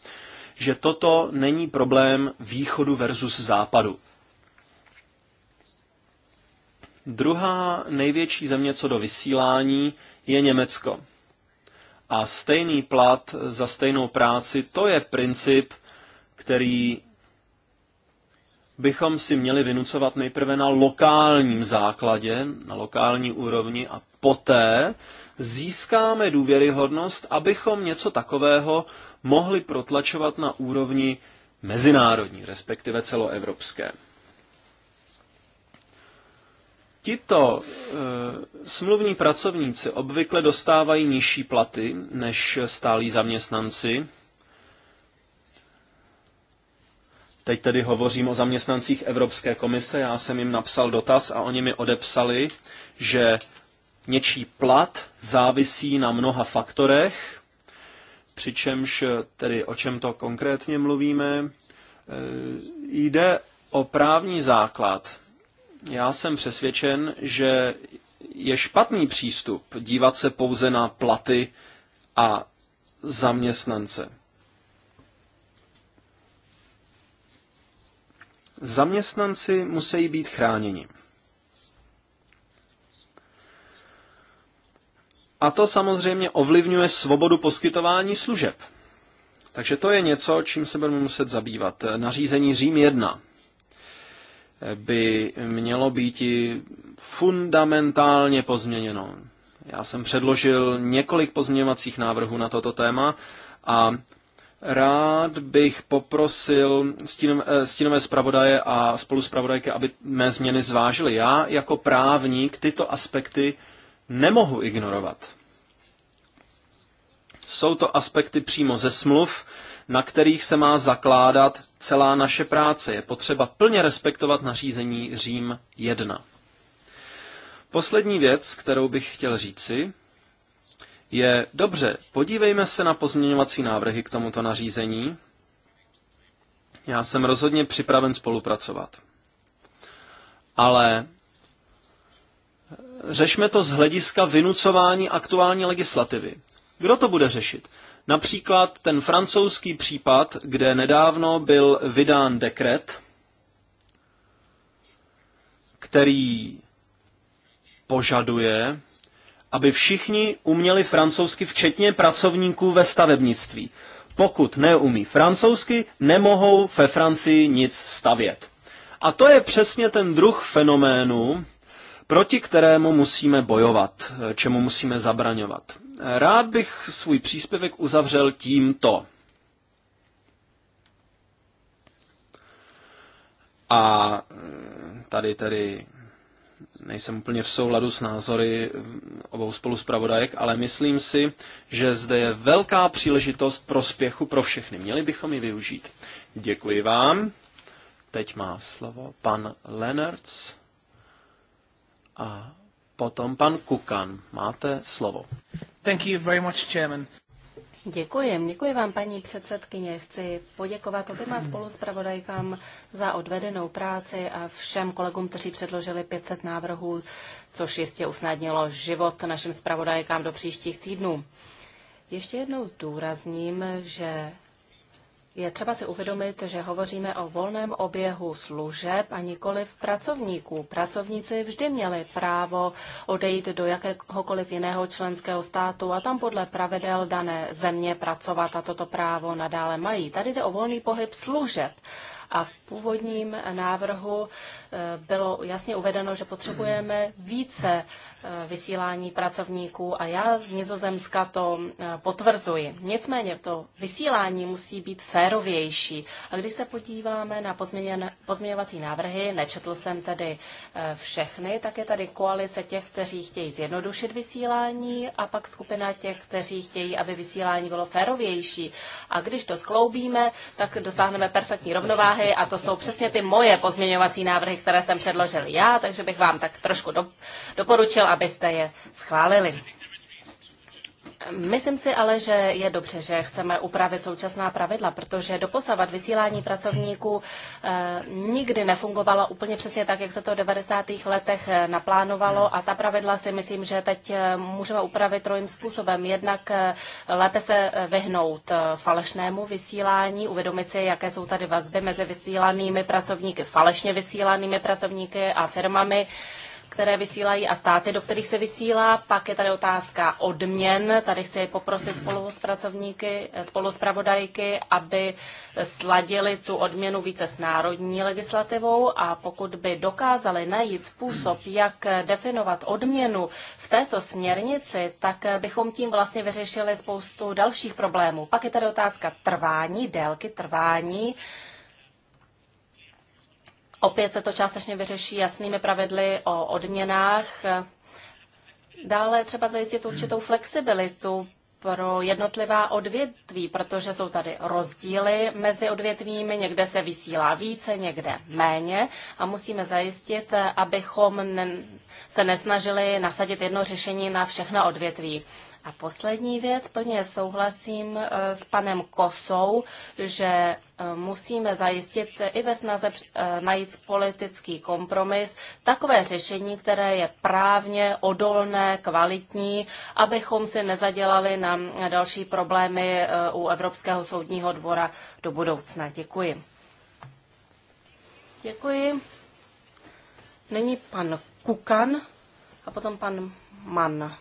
že toto není problém východu versus západu. Druhá největší země co do vysílání je Německo a stejný plat za stejnou práci, to je princip, který bychom si měli vynucovat nejprve na lokálním základě, na lokální úrovni a poté získáme důvěryhodnost, abychom něco takového mohli protlačovat na úrovni mezinárodní, respektive celoevropské. Tito e, smluvní pracovníci obvykle dostávají nižší platy než stálí zaměstnanci. Teď tedy hovořím o zaměstnancích Evropské komise. Já jsem jim napsal dotaz a oni mi odepsali, že něčí plat závisí na mnoha faktorech, přičemž tedy o čem to konkrétně mluvíme, eh, jde o právní základ já jsem přesvědčen, že je špatný přístup dívat se pouze na platy a zaměstnance. Zaměstnanci musí být chráněni. A to samozřejmě ovlivňuje svobodu poskytování služeb. Takže to je něco, čím se budeme muset zabývat. Nařízení Řím 1 by mělo být i fundamentálně pozměněno. Já jsem předložil několik pozměňovacích návrhů na toto téma a rád bych poprosil eh, stínové zpravodaje a spolu zpravodajky, aby mé změny zvážili. Já jako právník tyto aspekty nemohu ignorovat. Jsou to aspekty přímo ze smluv, na kterých se má zakládat celá naše práce. Je potřeba plně respektovat nařízení Řím 1. Poslední věc, kterou bych chtěl říci, je dobře, podívejme se na pozměňovací návrhy k tomuto nařízení. Já jsem rozhodně připraven spolupracovat. Ale řešme to z hlediska vynucování aktuální legislativy. Kdo to bude řešit? Například ten francouzský případ, kde nedávno byl vydán dekret, který požaduje, aby všichni uměli francouzsky, včetně pracovníků ve stavebnictví. Pokud neumí francouzsky, nemohou ve Francii nic stavět. A to je přesně ten druh fenoménu, proti kterému musíme bojovat, čemu musíme zabraňovat. Rád bych svůj příspěvek uzavřel tímto. A e, tady tedy nejsem úplně v souladu s názory obou spolu zpravodajek, ale myslím si, že zde je velká příležitost prospěchu pro všechny. Měli bychom ji využít. Děkuji vám. Teď má slovo pan Lennertz a Potom pan Kukan. Máte slovo. Thank you very much, Chairman. Děkuji. Děkuji vám, paní předsedkyně. Chci poděkovat oběma spoluzpravodajkám za odvedenou práci a všem kolegům, kteří předložili 500 návrhů, což jistě usnadnilo život našim zpravodajkám do příštích týdnů. Ještě jednou zdůrazním, že je třeba si uvědomit, že hovoříme o volném oběhu služeb a nikoli v pracovníků. Pracovníci vždy měli právo odejít do jakéhokoliv jiného členského státu a tam podle pravidel dané země pracovat a toto právo nadále mají. Tady jde o volný pohyb služeb a v původním návrhu eh, bylo jasně uvedeno, že potřebujeme více eh, vysílání pracovníků a já z Nizozemska to eh, potvrzuji. Nicméně to vysílání musí být férovější. A když se podíváme na pozměňovací návrhy, nečetl jsem tedy všechny, tak je tady koalice těch, kteří chtějí zjednodušit vysílání a pak skupina těch, kteří chtějí, aby vysílání bylo férovější. A když to skloubíme, tak dosáhneme perfektní rovnováhu snahy a to jsou přesně ty moje pozměňovací návrhy, které jsem předložil já, takže bych vám tak trošku doporučil, abyste je schválili. Myslím si ale, že je dobře, že chceme upravit současná pravidla, protože doposavat vysílání pracovníků eh, nikdy nefungovalo úplně přesně tak, jak se to v 90. letech eh, naplánovalo a ta pravidla si myslím, že teď eh, můžeme upravit trojím způsobem. Jednak lépe se vyhnout falešnému vysílání, uvědomit si, jaké jsou tady vazby mezi vysílanými pracovníky, falešně vysílanými pracovníky a firmami které vysílají a státy, do kterých se vysílá. Pak je tady otázka odměn. Tady chci poprosit spolupracovníky, spoluspravodajky, aby sladili tu odměnu více s národní legislativou a pokud by dokázali najít způsob, jak definovat odměnu v této směrnici, tak bychom tím vlastně vyřešili spoustu dalších problémů. Pak je tady otázka trvání, délky trvání Opět se to částečně vyřeší jasnými pravidly o odměnách. Dále třeba zajistit určitou flexibilitu pro jednotlivá odvětví, protože jsou tady rozdíly mezi odvětvími, někde se vysílá více, někde méně a musíme zajistit, abychom se nesnažili nasadit jedno řešení na všechna odvětví. A poslední věc, plně souhlasím eh, s panem Kosou, že eh, musíme zajistit i ve snaze eh, najít politický kompromis takové řešení, které je právně odolné, kvalitní, abychom si nezadělali na další problémy u Evropského soudního dvora do budoucna. Děkuji. Děkuji. Nyní pan Kukan a potom pan Mann.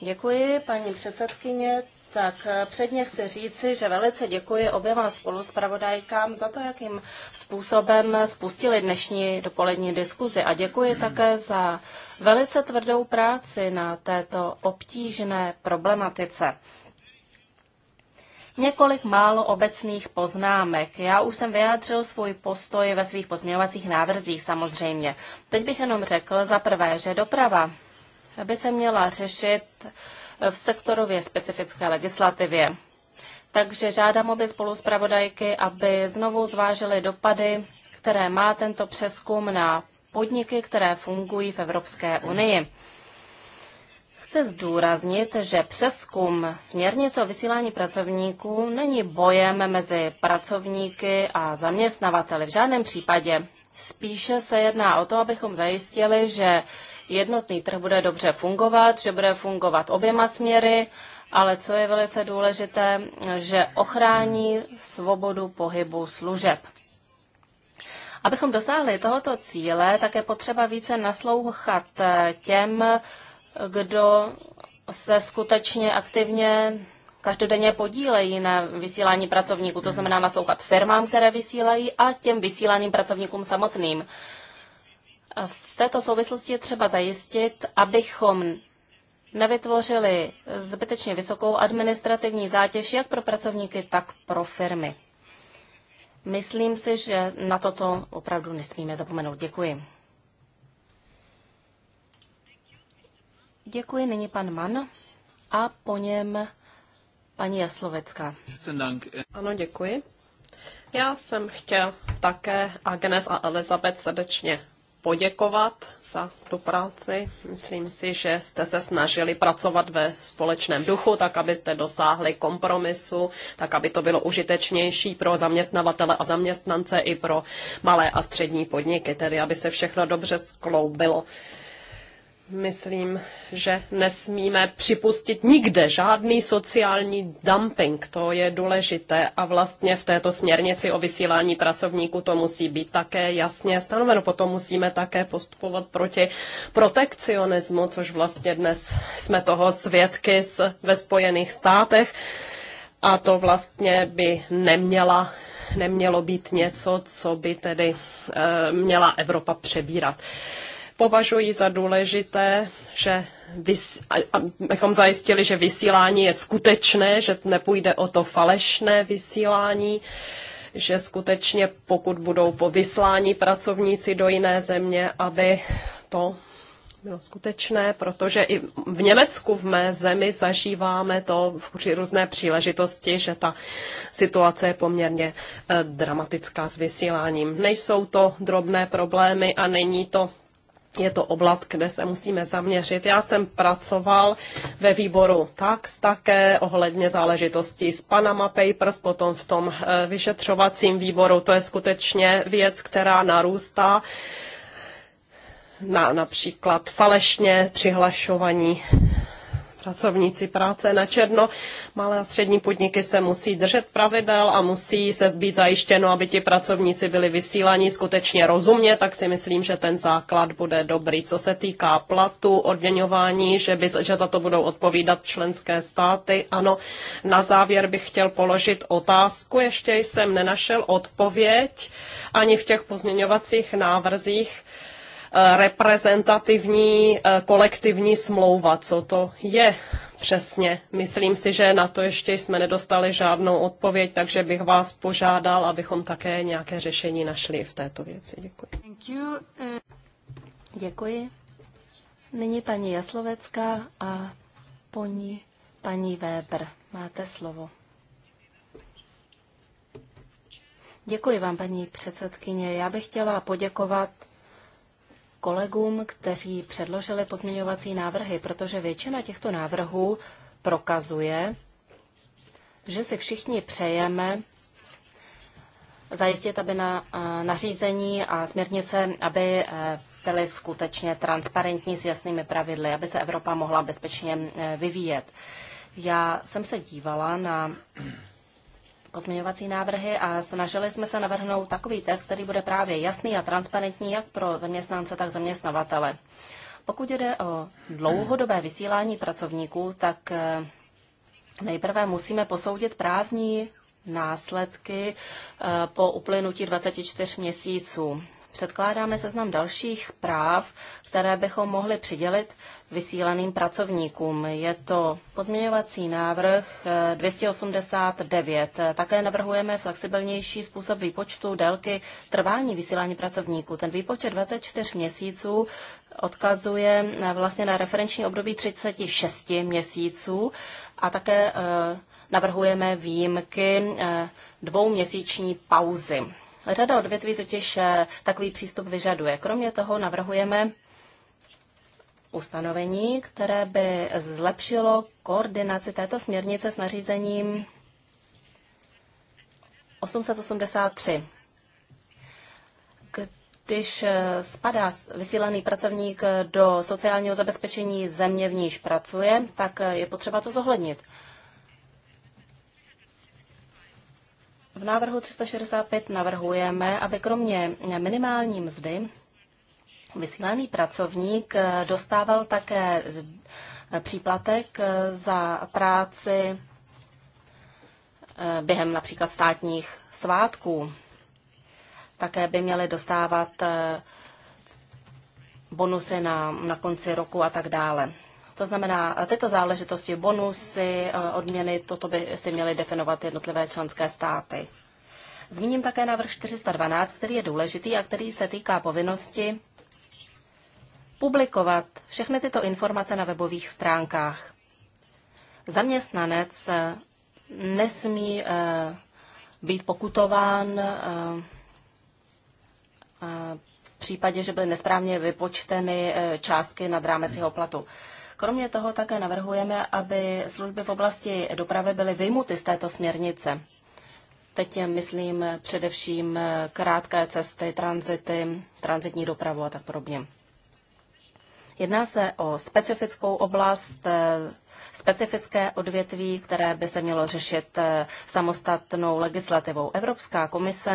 Děkuji, paní předsedkyně. Tak eh, předně chci říci, že velice děkuji oběma spoluspravodajkám za to, jakým způsobem spustili dnešní dopolední diskuzi a děkuji také za velice tvrdou práci na této obtížné problematice. Několik málo obecných poznámek. Já už jsem vyjádřil svůj postoj ve svých pozměňovacích návrzích samozřejmě. Teď bych jenom řekl za prvé, že doprava by se měla řešit v sektorově specifické legislativě. Takže žádám obě spoluspravodajky, aby znovu zvážily dopady, které má tento přeskum na podniky, které fungují v Evropské unii. Chci zdůraznit, že přeskum směrnice o vysílání pracovníků není bojem mezi pracovníky a zaměstnavateli v žádném případě. Spíše se jedná o to, abychom zajistili, že jednotný trh bude dobře fungovat, že bude fungovat oběma směry, ale co je velice důležité, že ochrání svobodu pohybu služeb. Abychom dosáhli tohoto cíle, tak je potřeba více naslouchat eh, těm, kdo se skutečně aktivně každodenně podílejí na vysílání pracovníků, to znamená naslouchat firmám, které vysílají a těm vysílaným pracovníkům samotným. V této souvislosti je třeba zajistit, abychom nevytvořili zbytečně vysokou administrativní zátěž jak pro pracovníky, tak pro firmy. Myslím si, že na toto opravdu nesmíme zapomenout. Děkuji. Děkuji nyní pan Mann a po něm paní Jaslovecka. Ano, děkuji. Já jsem chtěl také Agnes a Elizabeth srdečně poděkovat za tu práci. Myslím si, že jste se snažili pracovat ve společném duchu, tak abyste dosáhli kompromisu, tak aby to bylo užitečnější pro zaměstnavatele a zaměstnance i pro malé a střední podniky, tedy aby se všechno dobře skloubilo myslím, že nesmíme připustit nikde žádný sociální dumping. To je důležité a vlastně v této směrnici o vysílání pracovníků to musí být také jasně stanoveno. Potom musíme také postupovat proti protekcionismu, což vlastně dnes jsme toho svědky ve Spojených státech. A to vlastně by neměla, nemělo být něco, co by tedy e, měla Evropa přebírat. E, Považuji za důležité, že vys- abychom zajistili, že vysílání je skutečné, že nepůjde o to falešné vysílání že skutečně pokud budou po vyslání pracovníci do jiné země, aby to bylo skutečné, protože i v Německu, v mé zemi, zažíváme to v různé příležitosti, že ta situace je poměrně eh, dramatická s vysíláním. Nejsou to drobné problémy a není to je to oblast, kde se musíme zaměřit. Já jsem pracoval ve výboru tax také ohledně záležitostí s Panama Papers, potom v tom eh, vyšetřovacím výboru. To je skutečně věc, která narůstá na například falešně přihlašovaní pracovníci práce na černo. Malé a střední podniky se musí držet pravidel a musí se zbýt zajištěno, aby ti pracovníci byli vysíláni skutečně rozumně, tak si myslím, že ten základ bude dobrý. Co se týká platu, odměňování, že, by, že za to budou odpovídat členské státy, ano. Na závěr bych chtěl položit otázku, ještě jsem nenašel odpověď ani v těch pozměňovacích návrzích. Eh, reprezentativní eh, kolektivní smlouva. Co to je přesně? Myslím si, že na to ještě jsme nedostali žádnou odpověď, takže bych vás požádal, abychom také nějaké řešení našli v této věci. Děkuji. Eh. Děkuji. Nyní paní Jaslovecká a po ní paní Weber. Máte slovo. Děkuji vám, paní předsedkyně. Já bych chtěla poděkovat kolegům, kteří předložili pozměňovací návrhy, protože většina těchto návrhů prokazuje, že si všichni přejeme zajistit, aby na nařízení a směrnice, aby e, byly skutečně transparentní s jasnými pravidly, aby se Evropa mohla bezpečně e, vyvíjet. Já jsem se dívala na pozměňovací návrhy a snažili jsme se navrhnout takový text, který bude právě jasný a transparentní jak pro zaměstnance, tak zaměstnavatele. Pokud jde o dlouhodobé vysílání pracovníků, tak eh, nejprve musíme posoudit právní následky eh, po uplynutí 24 měsíců předkládáme seznam dalších práv, které bychom mohli přidělit vysílaným pracovníkům. Je to pozměňovací návrh 289. Eh, také navrhujeme flexibilnější způsob výpočtu délky trvání vysílání pracovníků. Ten výpočet 24 měsíců odkazuje eh, vlastně na referenční období 36 měsíců a také eh, navrhujeme výjimky dvouměsíční pauzy. Řada odvětví totiž eh, takový přístup vyžaduje. Kromě toho navrhujeme ustanovení, které by zlepšilo koordinaci této směrnice s nařízením 883. Když eh, spadá vysílaný pracovník eh, do sociálního zabezpečení země, v níž pracuje, tak je potřeba to zohlednit. V návrhu 365 navrhujeme, aby kromě minimální mzdy vysílaný pracovník eh, dostával také příplatek eh, za práci eh, během například státních svátků. Také by měli dostávat bonusy na, na konci roku a tak dále. To znamená, tyto záležitosti, bonusy, e, odměny, toto by si měly definovat jednotlivé členské státy. Zmíním také návrh 412, který je důležitý a který se týká povinnosti publikovat všechny tyto informace na webových stránkách. Zaměstnanec e, nesmí e, být pokutován v případě, že byly nesprávně vypočteny částky nad rámec jeho platu. Kromě toho také navrhujeme, aby služby v oblasti dopravy byly vyjmuty z této směrnice. Teď myslím především krátké cesty, tranzity, tranzitní dopravu a tak podobně. Jedná se o specifickou oblast, eh, specifické odvětví, které by se mělo řešit eh, samostatnou legislativou. Evropská komise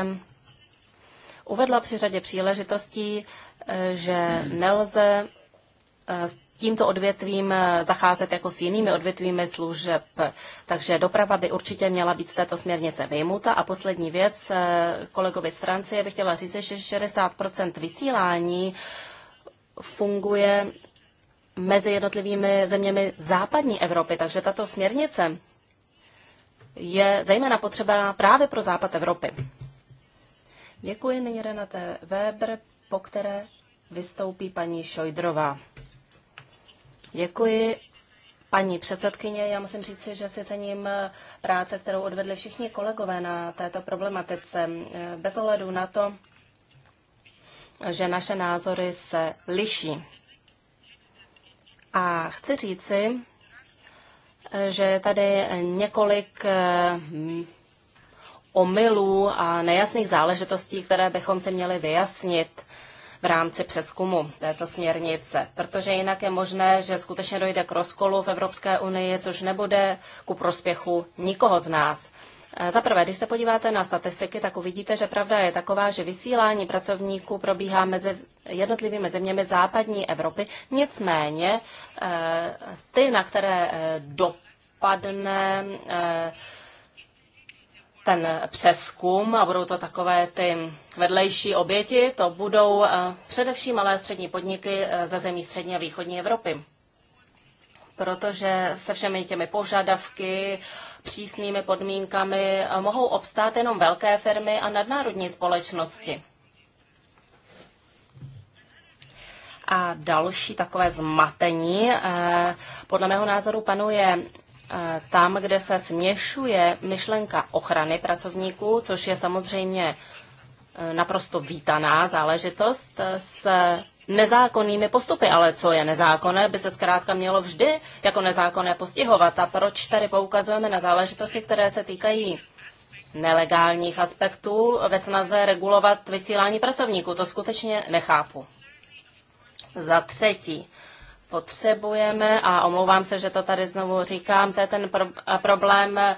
uvedla při řadě příležitostí, eh, že nelze E, s tímto odvětvím e, zacházet jako s jinými odvětvími služeb. Takže doprava by určitě měla být z této směrnice vyjmuta. A poslední věc, e, kolegovi z Francie bych chtěla říct, že 60 vysílání funguje mezi jednotlivými zeměmi západní Evropy. Takže tato směrnice je zejména potřeba právě pro západ Evropy. Děkuji nyní Renate Weber, po které vystoupí paní Šojdrová. Děkuji. Paní předsedkyně, já musím říct, že si cením práce, kterou odvedli všichni kolegové na této problematice. Bez ohledu na to, že naše názory se liší. A chci říci, že je tady několik hm, omylů a nejasných záležitostí, které bychom si měli vyjasnit v rámci přeskumu této směrnice, protože jinak je možné, že skutečně dojde k rozkolu v Evropské unii, což nebude ku prospěchu nikoho z nás. E, za prvé, když se podíváte na statistiky, tak uvidíte, že pravda je taková, že vysílání pracovníků probíhá mezi jednotlivými zeměmi západní Evropy. Nicméně e, ty, na které e, dopadne ten přeskum a budou to takové ty vedlejší oběti, to budou eh, především malé střední podniky eh, ze zemí střední a východní Evropy. Protože se všemi těmi požadavky, přísnými podmínkami eh, mohou obstát jenom velké firmy a nadnárodní společnosti. A další takové zmatení podle mého názoru panuje Eh, tam, kde se směšuje myšlenka ochrany pracovníků, což je samozřejmě eh, naprosto vítaná záležitost eh, s nezákonnými postupy, ale co je nezákonné, by se zkrátka mělo vždy jako nezákonné postihovat. A proč tady poukazujeme na záležitosti, které se týkají nelegálních aspektů ve snaze regulovat vysílání pracovníků? To skutečně nechápu. Za třetí, potřebujeme, a omlouvám se, že to tady znovu říkám, to je ten pro, problém eh,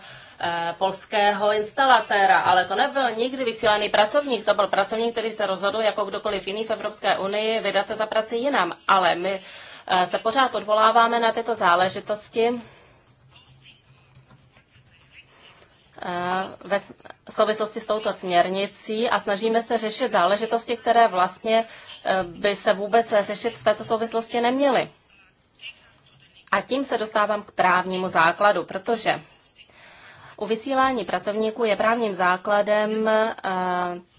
polského instalatéra, ale to nebyl nikdy vysílený pracovník, to byl pracovník, který se rozhodl jako kdokoliv jiný v Evropské unii vydat se za prací jinam, ale my eh, se pořád odvoláváme na tyto záležitosti eh, ve souvislosti s touto směrnicí a snažíme se řešit záležitosti, které vlastně by se vůbec řešit v této souvislosti neměly. A tím se dostávám k právnímu základu, protože u vysílání pracovníků je právním základem eh,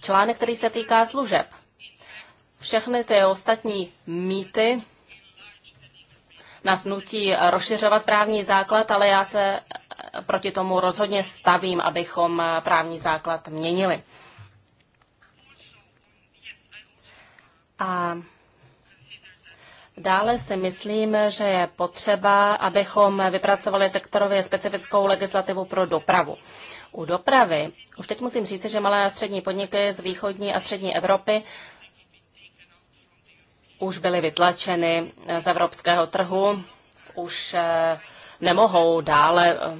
článek, který se týká služeb. Všechny ty ostatní mýty nás nutí rozšiřovat právní základ, ale já se eh, proti tomu rozhodně stavím, abychom eh, právní základ měnili. A Dále si myslím, že je potřeba, abychom vypracovali sektorově specifickou legislativu pro dopravu. U dopravy, už teď musím říct, že malé a střední podniky z východní a střední Evropy už byly vytlačeny z evropského trhu, už eh, nemohou dále eh,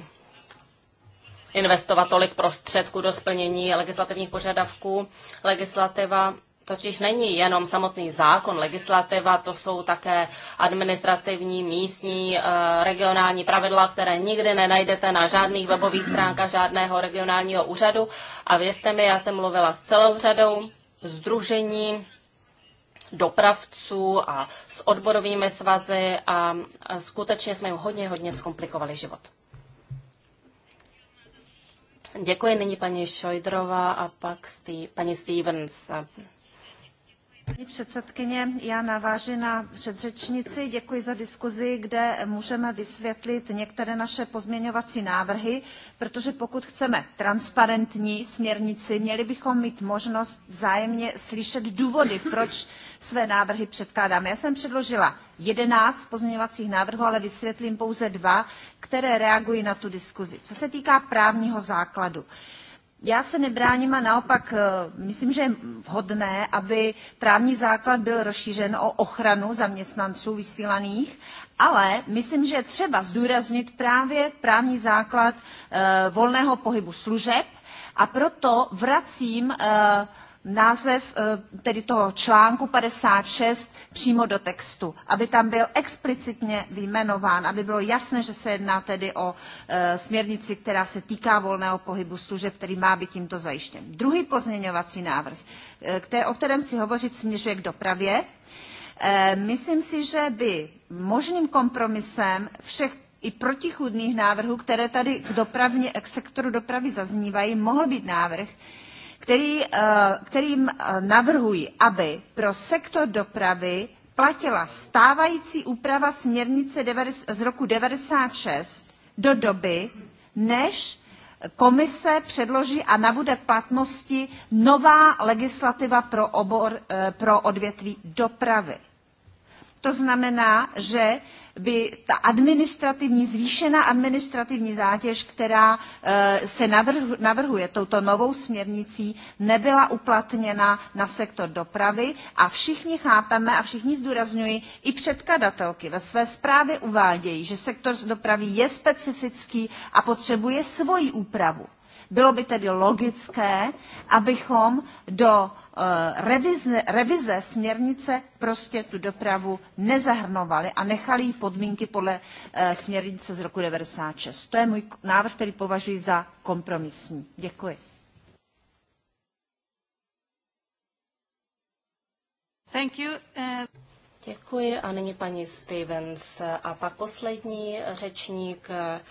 investovat tolik prostředků do splnění legislativních požadavků. Legislativa totiž není jenom samotný zákon, legislativa, to jsou také administrativní, místní, eh, regionální pravidla, které nikdy nenajdete na žádných webových stránkách žádného regionálního úřadu. A věřte mi, já jsem mluvila s celou řadou združení dopravců a s odborovými svazy a skutečně jsme jim hodně, hodně zkomplikovali život. Děkuji nyní paní Šojdrova a pak Steve, paní Stevens. Předsedkyně, já navážu na předřečnici. Děkuji za diskuzi, kde můžeme vysvětlit některé naše pozměňovací návrhy, protože pokud chceme transparentní směrnici, měli bychom mít možnost vzájemně slyšet důvody, proč své návrhy předkládáme. Já jsem předložila 11 pozměňovacích návrhů, ale vysvětlím pouze dva, které reagují na tu diskuzi. Co se týká právního základu. Já se nebráním a naopak eh, myslím, že je vhodné, aby právní základ byl rozšířen o ochranu zaměstnanců vysílaných, ale myslím, že je třeba zdůraznit právě právní základ eh, volného pohybu služeb a proto vracím eh, název eh, tedy toho článku 56 přímo do textu, aby tam byl explicitně vyjmenován, aby bylo jasné, že se jedná tedy o eh, směrnici, která se týká volného pohybu služeb, který má být tímto zajištěn. Druhý pozměňovací návrh, eh, o kterém chci hovořit, směřuje k dopravě. Myslím si, že by možným kompromisem všech i protichudných návrhů, které tady k, dopravně, k sektoru dopravy zaznívají, mohl být návrh, který, eh, kterým eh, navrhuji, aby pro sektor dopravy platila stávající úprava směrnice z roku 96 do doby, než komise předloží a nabude platnosti nová legislativa pro, obor, eh, pro odvětví dopravy. To znamená, že by ta administrativní, zvýšená administrativní zátěž, která eh, se navrhuje touto novou směrnicí, nebyla uplatněna na sektor dopravy a všichni chápeme a všichni zdůrazňují, i předkladatelky ve své zprávě uvádějí, že sektor dopravy je specifický a potřebuje svoji úpravu. Bylo by tedy logické, abychom do eh, revize, revize směrnice prostě tu dopravu nezahrnovali a nechali jí podmínky podle eh, směrnice z roku 1996. To je můj návrh, který považuji za kompromisní. Děkuji. Thank you. Uh... Děkuji a nyní paní Stevens a pak poslední řečník uh...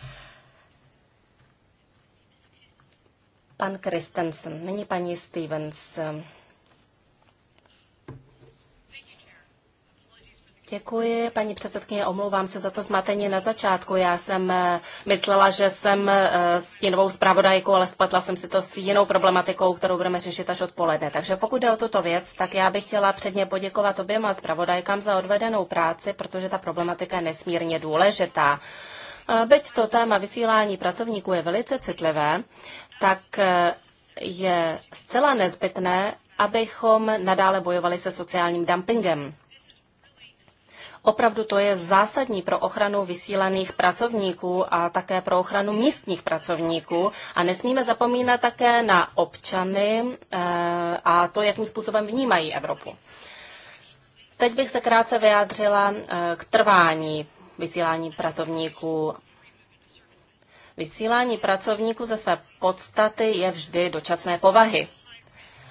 Pan Kristensen, nyní paní Stevens. Děkuji, paní předsedkyně, omlouvám se za to zmatení na začátku. Já jsem eh, myslela, že jsem s eh, stínovou zpravodajkou, ale spletla jsem si to s jinou problematikou, kterou budeme řešit až odpoledne. Takže pokud jde o tuto věc, tak já bych chtěla předně poděkovat oběma zpravodajkám za odvedenou práci, protože ta problematika je nesmírně důležitá. Eh, byť to téma vysílání pracovníků je velice citlivé, tak eh, je zcela nezbytné, abychom nadále bojovali se sociálním dumpingem. Opravdu to je zásadní pro ochranu vysílaných pracovníků a také pro ochranu místních pracovníků. A nesmíme zapomínat také na občany eh, a to, jakým způsobem vnímají Evropu. Teď bych se krátce vyjádřila eh, k trvání vysílání pracovníků Vysílání pracovníků ze své podstaty je vždy dočasné povahy.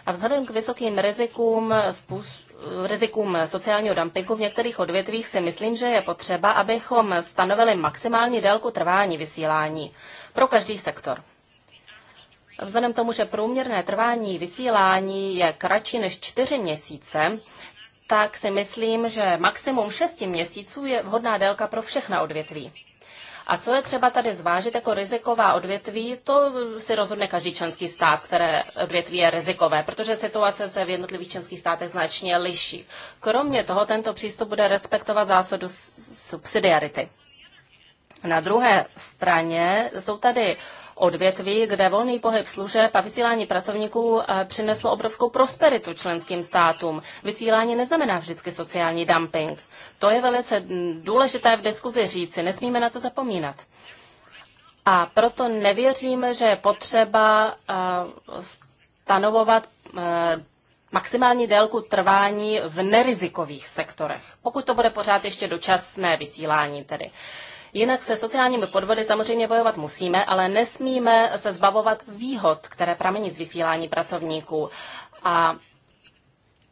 A vzhledem k vysokým rizikům, způsob, rizikům sociálního dumpingu v některých odvětvích si myslím, že je potřeba, abychom stanovili maximální délku trvání vysílání pro každý sektor. Vzhledem k tomu, že průměrné trvání vysílání je kratší než čtyři měsíce, tak si myslím, že maximum šesti měsíců je vhodná délka pro všechna odvětví. A co je třeba tady zvážit jako riziková odvětví, to si rozhodne každý členský stát, které odvětví je rizikové, protože situace se v jednotlivých členských státech značně liší. Kromě toho tento přístup bude respektovat zásadu subsidiarity. Na druhé straně jsou tady uh, odvětví, kde volný pohyb služeb a vysílání pracovníků eh, přineslo obrovskou prosperitu členským státům. Vysílání neznamená vždycky sociální dumping. To je velice důležité v diskuzi říci, nesmíme na to zapomínat. A proto nevěříme, že je potřeba eh, stanovovat eh, maximální délku trvání v nerizikových sektorech, pokud to bude pořád ještě dočasné vysílání tedy. Jinak se sociálními podvody samozřejmě bojovat musíme, ale nesmíme se zbavovat výhod, které pramení z vysílání pracovníků. A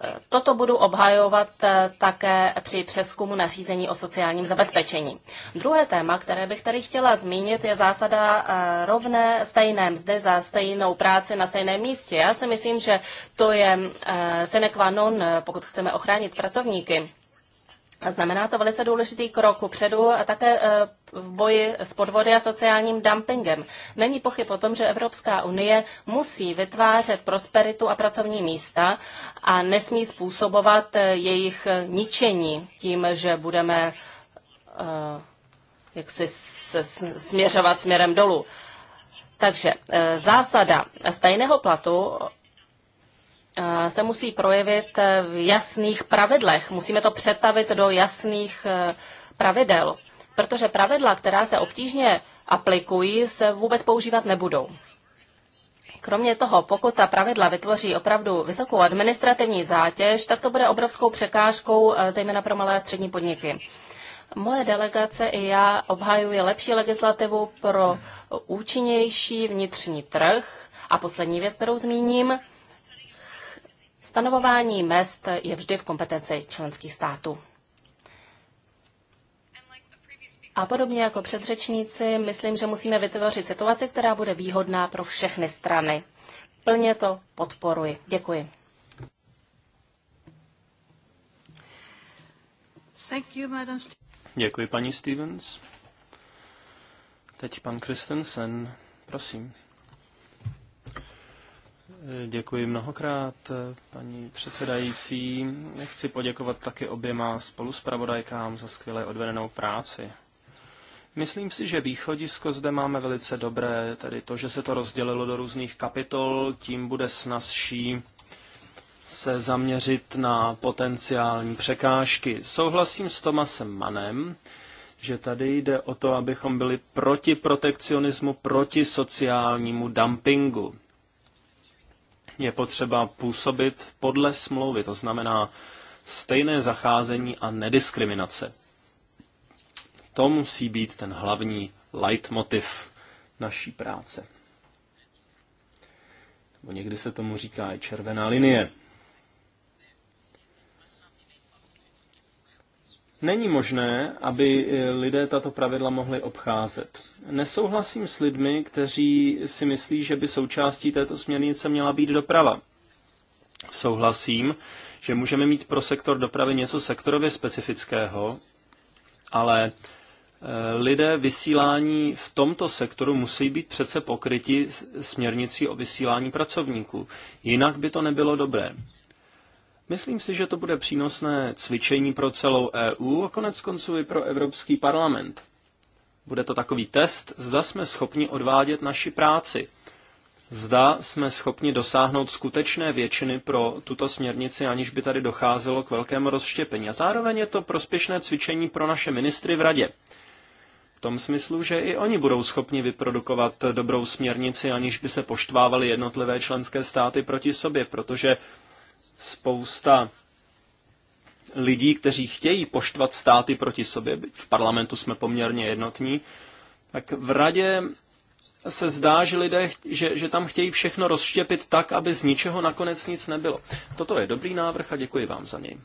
e, Toto budu obhajovat e, také při přeskumu nařízení o sociálním zabezpečení. Druhé téma, které bych tady chtěla zmínit, je zásada e, rovné stejné mzdy za stejnou práci na stejném místě. Já si myslím, že to je sine qua non, pokud chceme ochránit pracovníky. A znamená to velice důležitý krok upředu a také eh, v boji s podvody a sociálním dumpingem. Není pochyb o tom, že Evropská unie musí vytvářet prosperitu a pracovní místa a nesmí způsobovat eh, jejich eh, ničení tím, že budeme jak si směřovat směrem dolů. Takže zásada stejného platu se musí projevit e, v jasných pravidlech. Musíme to přetavit do jasných e, pravidel, protože pravidla, která se obtížně aplikují, se vůbec používat nebudou. Kromě toho, pokud ta pravidla vytvoří opravdu vysokou administrativní zátěž, tak to bude obrovskou překážkou e, zejména pro malé a střední podniky. Moje delegace i já obhajuji lepší legislativu pro účinnější vnitřní trh. A poslední věc, kterou zmíním, Stanovování mest je vždy v kompetenci členských států. A podobně jako předřečníci, myslím, že musíme vytvořit situaci, která bude výhodná pro všechny strany. Plně to podporuji. Děkuji. Děkuji, paní Stevens. Teď pan Kristensen, prosím. Děkuji mnohokrát, paní předsedající. Chci poděkovat taky oběma spoluspravodajkám za skvěle odvedenou práci. Myslím si, že východisko zde máme velice dobré, tedy to, že se to rozdělilo do různých kapitol, tím bude snazší se zaměřit na potenciální překážky. Souhlasím s Tomasem Manem, že tady jde o to, abychom byli proti protekcionismu, proti sociálnímu dumpingu je potřeba působit podle smlouvy, to znamená stejné zacházení a nediskriminace. To musí být ten hlavní leitmotiv naší práce. Nebo někdy se tomu říká i červená linie. Není možné, aby eh, lidé tato pravidla mohli obcházet. Nesouhlasím s lidmi, kteří si myslí, že by součástí této směrnice měla být doprava. Souhlasím, že můžeme mít pro sektor dopravy něco sektorově specifického, ale eh, lidé vysílání v tomto sektoru musí být přece pokryti směrnicí o vysílání pracovníků. Jinak by to nebylo dobré. Myslím si, že to bude přínosné cvičení pro celou EU a konec konců i pro Evropský parlament. Bude to takový test, zda jsme schopni odvádět naši práci. Zda jsme schopni dosáhnout skutečné většiny pro tuto směrnici, aniž by tady docházelo k velkému rozštěpení. A zároveň je to prospěšné cvičení pro naše ministry v radě. V tom smyslu, že i oni budou schopni vyprodukovat dobrou směrnici, aniž by se poštvávaly jednotlivé členské státy proti sobě, protože spousta lidí, kteří chtějí poštvat státy proti sobě, v parlamentu jsme poměrně jednotní, tak v radě se zdá, že lidé, že, že tam chtějí všechno rozštěpit tak, aby z ničeho nakonec nic nebylo. Toto je dobrý návrh a děkuji vám za něj.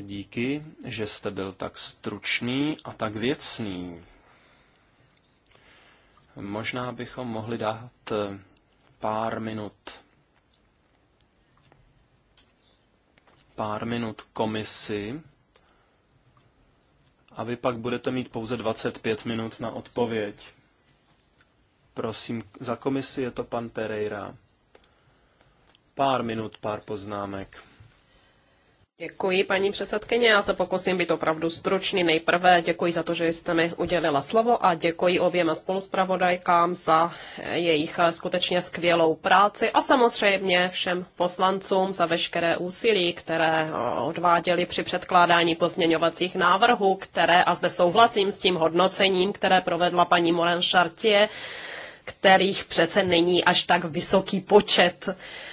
Díky, že jste byl tak stručný a tak věcný. Možná bychom mohli dát eh, pár minut pár minut komisi a vy pak budete mít pouze 25 minut na odpověď. Prosím, za komisi je to pan Pereira. Pár minut, pár poznámek. Děkuji, paní předsedkyně. Já se pokusím být opravdu stručný. Nejprve děkuji za to, že jste mi udělila slovo a děkuji oběma spoluspravodajkám za jejich eh, skutečně skvělou práci a samozřejmě všem poslancům za veškeré úsilí, které eh, odváděli při předkládání pozměňovacích návrhů, které, a zde souhlasím s tím hodnocením, které provedla paní Moren Chartier, kterých přece není až tak vysoký počet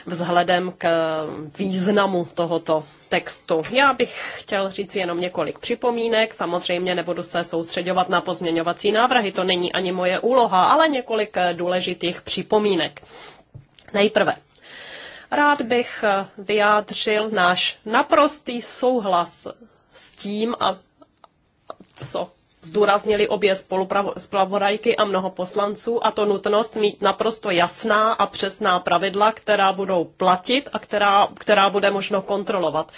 vzhledem k významu tohoto textu. Já bych chtěl říct jenom několik připomínek. Samozřejmě nebudu se soustředovat na pozměňovací návrhy, to není ani moje úloha, ale několik důležitých připomínek. Nejprve. Rád bych vyjádřil náš naprostý souhlas s tím, a co zdůraznili obě spolupravodajky a mnoho poslanců, a to nutnost mít naprosto jasná a přesná pravidla, která budou platit a která, která bude možno kontrolovat.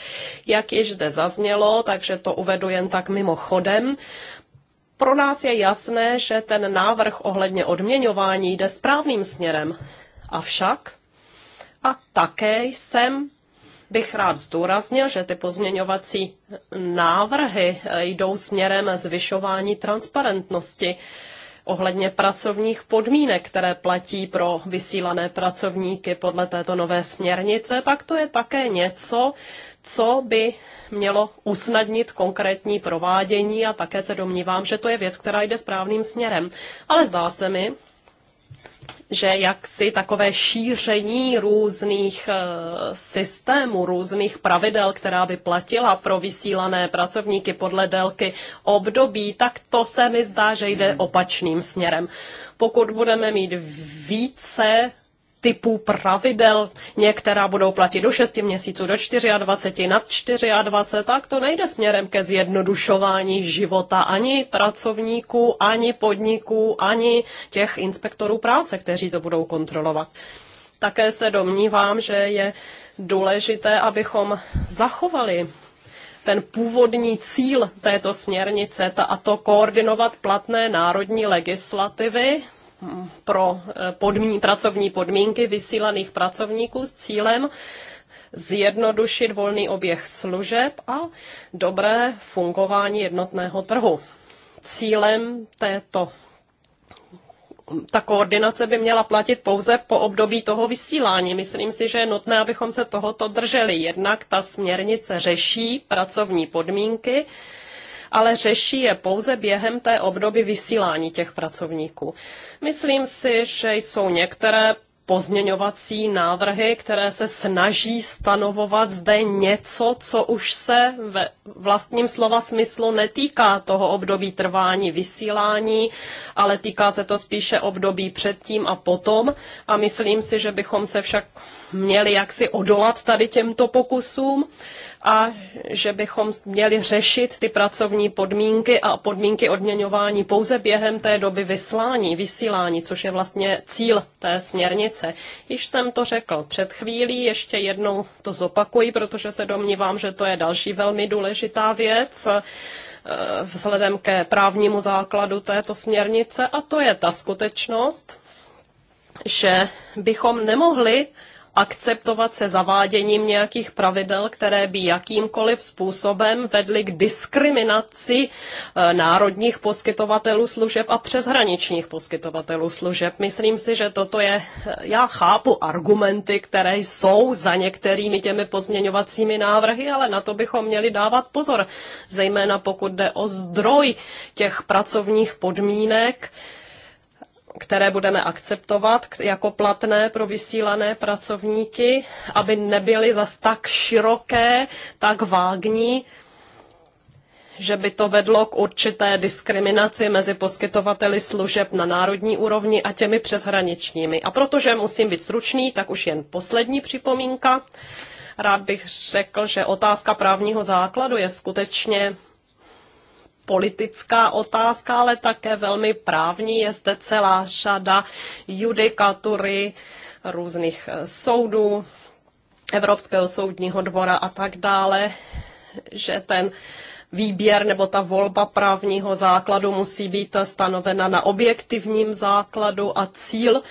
Jak již zde zaznělo, takže to uvedu jen tak mimochodem, pro nás je jasné, že ten návrh ohledně odměňování jde správným směrem. Avšak a také jsem bych rád zdůraznil, že ty pozměňovací návrhy jdou směrem zvyšování transparentnosti ohledně pracovních podmínek, které platí pro vysílané pracovníky podle této nové směrnice, tak to je také něco, co by mělo usnadnit konkrétní provádění a také se domnívám, že to je věc, která jde správným směrem. Ale zdá se mi, že jaksi takové šíření různých eh, systémů, různých pravidel, která by platila pro vysílané pracovníky podle délky období, tak to se mi zdá, že jde opačným směrem. Pokud budeme mít více typů pravidel. Některá budou platit do 6 měsíců, do 24, nad 24, tak to nejde směrem ke zjednodušování života ani pracovníků, ani podniků, ani těch inspektorů práce, kteří to budou kontrolovat. Také se domnívám, že je důležité, abychom zachovali ten původní cíl této směrnice, ta, a to koordinovat platné národní legislativy pro eh, podmín, pracovní podmínky vysílaných pracovníků s cílem zjednodušit volný oběh služeb a dobré fungování jednotného trhu. Cílem této ta koordinace by měla platit pouze po období toho vysílání. Myslím si, že je nutné, abychom se tohoto drželi. Jednak ta směrnice řeší pracovní podmínky, ale řeší je pouze během té obdoby vysílání těch pracovníků. Myslím si, že jsou některé pozměňovací návrhy, které se snaží stanovovat zde něco, co už se ve vlastním slova smyslu netýká toho období trvání vysílání, ale týká se to spíše období předtím a potom. A myslím si, že bychom se však měli jaksi odolat tady těmto pokusům a že bychom měli řešit ty pracovní podmínky a podmínky odměňování pouze během té doby vyslání, vysílání, což je vlastně cíl té směrnice. Již jsem to řekl před chvílí, ještě jednou to zopakuji, protože se domnívám, že to je další velmi důležitá věc eh, vzhledem ke právnímu základu této směrnice a to je ta skutečnost, že bychom nemohli akceptovat se zaváděním nějakých pravidel, které by jakýmkoliv způsobem vedly k diskriminaci eh, národních poskytovatelů služeb a přeshraničních poskytovatelů služeb. Myslím si, že toto je, eh, já chápu argumenty, které jsou za některými těmi pozměňovacími návrhy, ale na to bychom měli dávat pozor, zejména pokud jde o zdroj těch pracovních podmínek, které budeme akceptovat jako platné pro vysílané pracovníky, aby nebyly zas tak široké, tak vágní, že by to vedlo k určité diskriminaci mezi poskytovateli služeb na národní úrovni a těmi přeshraničními. A protože musím být stručný, tak už jen poslední připomínka. Rád bych řekl, že otázka právního základu je skutečně politická otázka, ale také velmi právní. Je zde celá řada judikatury různých soudů, Evropského soudního dvora a tak dále, že ten výběr nebo ta volba právního základu musí být stanovena na objektivním základu a cíl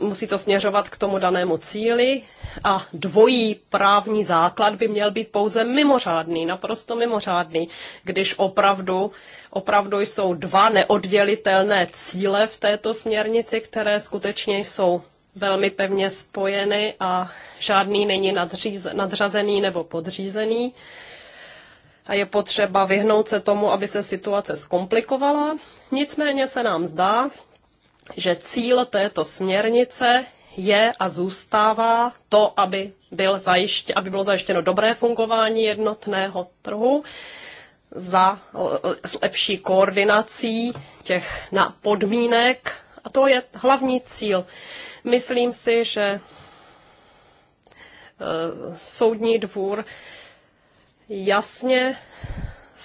musí to směřovat k tomu danému cíli a dvojí právní základ by měl být pouze mimořádný, naprosto mimořádný, když opravdu, opravdu jsou dva neoddělitelné cíle v této směrnici, které skutečně jsou velmi pevně spojeny a žádný není nadříz, nadřazený nebo podřízený. A je potřeba vyhnout se tomu, aby se situace zkomplikovala. Nicméně se nám zdá, že cíl této směrnice je a zůstává to, aby, byl zajiště, aby bylo zajištěno dobré fungování jednotného trhu za lepší koordinací těch na podmínek. A to je hlavní cíl. Myslím si, že e, soudní dvůr jasně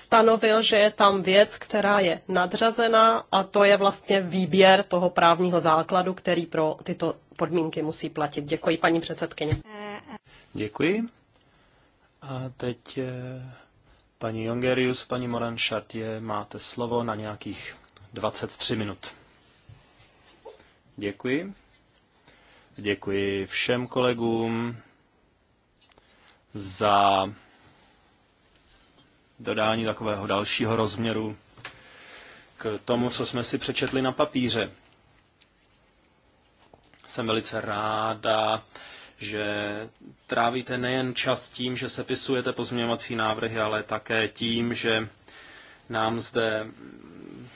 stanovil, že je tam věc, která je nadřazená a to je vlastně výběr toho právního základu, který pro tyto podmínky musí platit. Děkuji, paní předsedkyně. Děkuji. A teď eh, paní Jongerius, paní Moran Chartier, máte slovo na nějakých 23 minut. Děkuji. Děkuji všem kolegům za dodání takového dalšího rozměru k tomu, co jsme si přečetli na papíře. Jsem velice ráda, že trávíte nejen čas tím, že sepisujete pozměňovací návrhy, ale také tím, že nám zde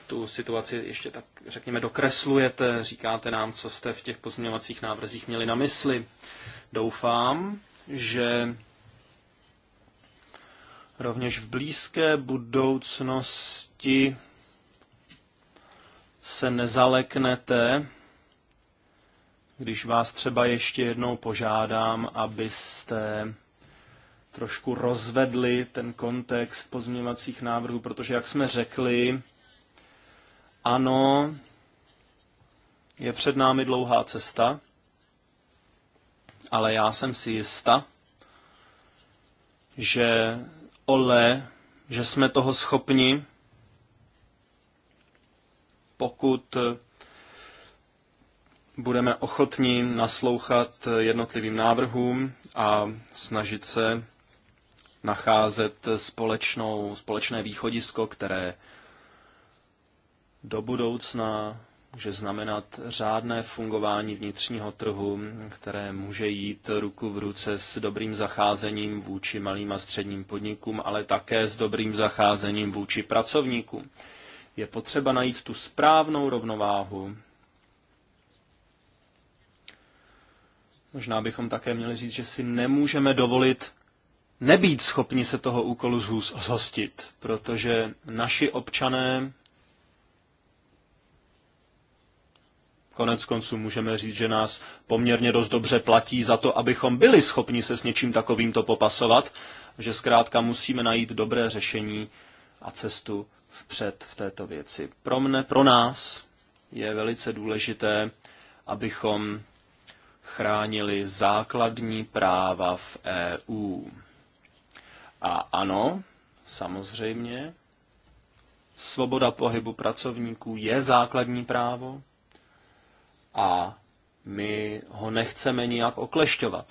tu situaci ještě tak, řekněme, dokreslujete, říkáte nám, co jste v těch pozměňovacích návrzích měli na mysli. Doufám, že Rovněž v blízké budoucnosti se nezaleknete, když vás třeba ještě jednou požádám, abyste trošku rozvedli ten kontext pozměňovacích návrhů, protože jak jsme řekli, ano, je před námi dlouhá cesta, ale já jsem si jista, že ole, že jsme toho schopni, pokud budeme ochotní naslouchat jednotlivým návrhům a snažit se nacházet společnou, společné východisko, které do budoucna může znamenat řádné fungování vnitřního trhu, které může jít ruku v ruce s dobrým zacházením vůči malým a středním podnikům, ale také s dobrým zacházením vůči pracovníkům. Je potřeba najít tu správnou rovnováhu. Možná bychom také měli říct, že si nemůžeme dovolit nebýt schopni se toho úkolu zhostit, protože naši občané Konec konců můžeme říct, že nás poměrně dost dobře platí za to, abychom byli schopni se s něčím takovýmto popasovat, že zkrátka musíme najít dobré řešení a cestu vpřed v této věci. Pro mne, pro nás je velice důležité, abychom chránili základní práva v EU. A ano, samozřejmě, svoboda pohybu pracovníků je základní právo, a my ho nechceme nijak oklešťovat.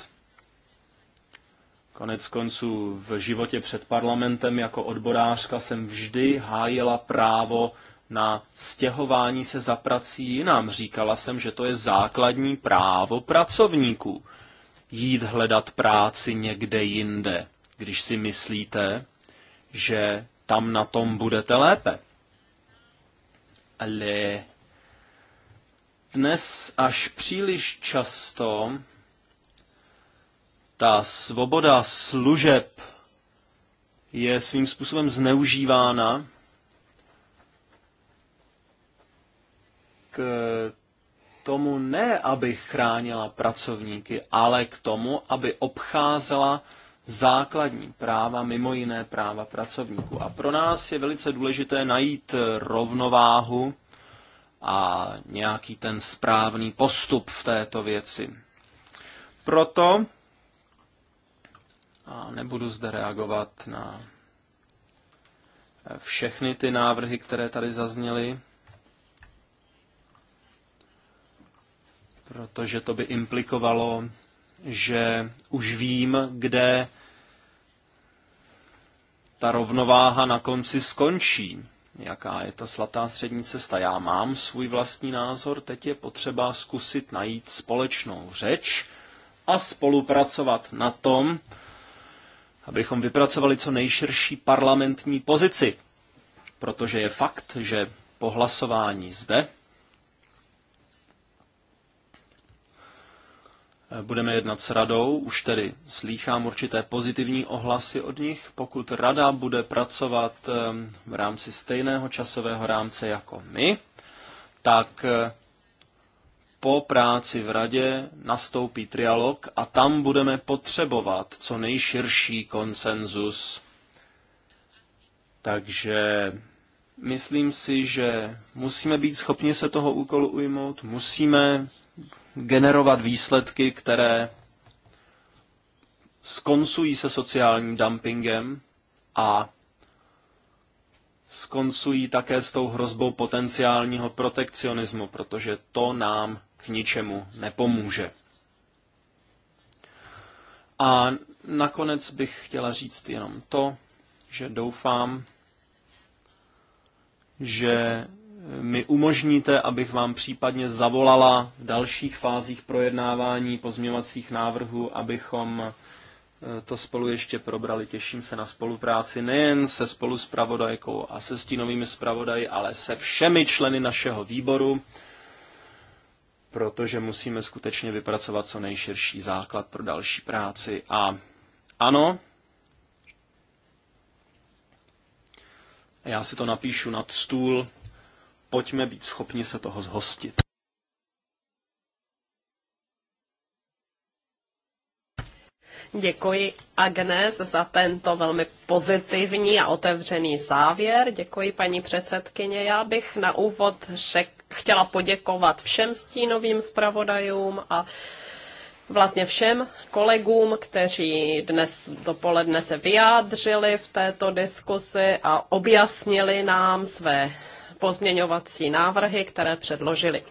Konec konců v životě před parlamentem jako odborářka jsem vždy hájila právo na stěhování se za prací jinam. Říkala jsem, že to je základní právo pracovníků. Jít hledat práci někde jinde, když si myslíte, že tam na tom budete lépe. Ale dnes až příliš často ta svoboda služeb je svým způsobem zneužívána k tomu ne, aby chránila pracovníky, ale k tomu, aby obcházela základní práva, mimo jiné práva pracovníků. A pro nás je velice důležité najít rovnováhu a nějaký ten správný postup v této věci. Proto a nebudu zde reagovat na všechny ty návrhy, které tady zazněly, protože to by implikovalo, že už vím, kde ta rovnováha na konci skončí jaká je ta slatá střední cesta. Já mám svůj vlastní názor, teď je potřeba zkusit najít společnou řeč a spolupracovat na tom, abychom vypracovali co nejširší parlamentní pozici. Protože je fakt, že po hlasování zde Budeme jednat s radou, už tedy slýchám určité pozitivní ohlasy od nich. Pokud rada bude pracovat v rámci stejného časového rámce jako my, tak eh, po práci v radě nastoupí trialog a tam budeme potřebovat co nejširší konsenzus. Takže myslím si, že musíme být schopni se toho úkolu ujmout, musíme generovat výsledky, které skoncují se sociálním dumpingem a skoncují také s tou hrozbou potenciálního protekcionismu, protože to nám k ničemu nepomůže. A nakonec bych chtěla říct jenom to, že doufám, že mi umožníte, abych vám případně zavolala v dalších fázích projednávání pozměvacích návrhů, abychom e, to spolu ještě probrali. Těším se na spolupráci nejen se spolu spravodajkou a se stínovými zpravodaji, ale se všemi členy našeho výboru, protože musíme skutečně vypracovat co nejširší základ pro další práci. A ano, já si to napíšu nad stůl, pojďme být schopni se toho zhostit. Děkuji Agnes za tento velmi pozitivní a otevřený závěr. Děkuji paní předsedkyně. Já bych na úvod řek, chtěla poděkovat všem stínovým zpravodajům a vlastně všem kolegům, kteří dnes dopoledne se vyjádřili v této diskusi a objasnili nám své pozměňovací návrhy, které předložili.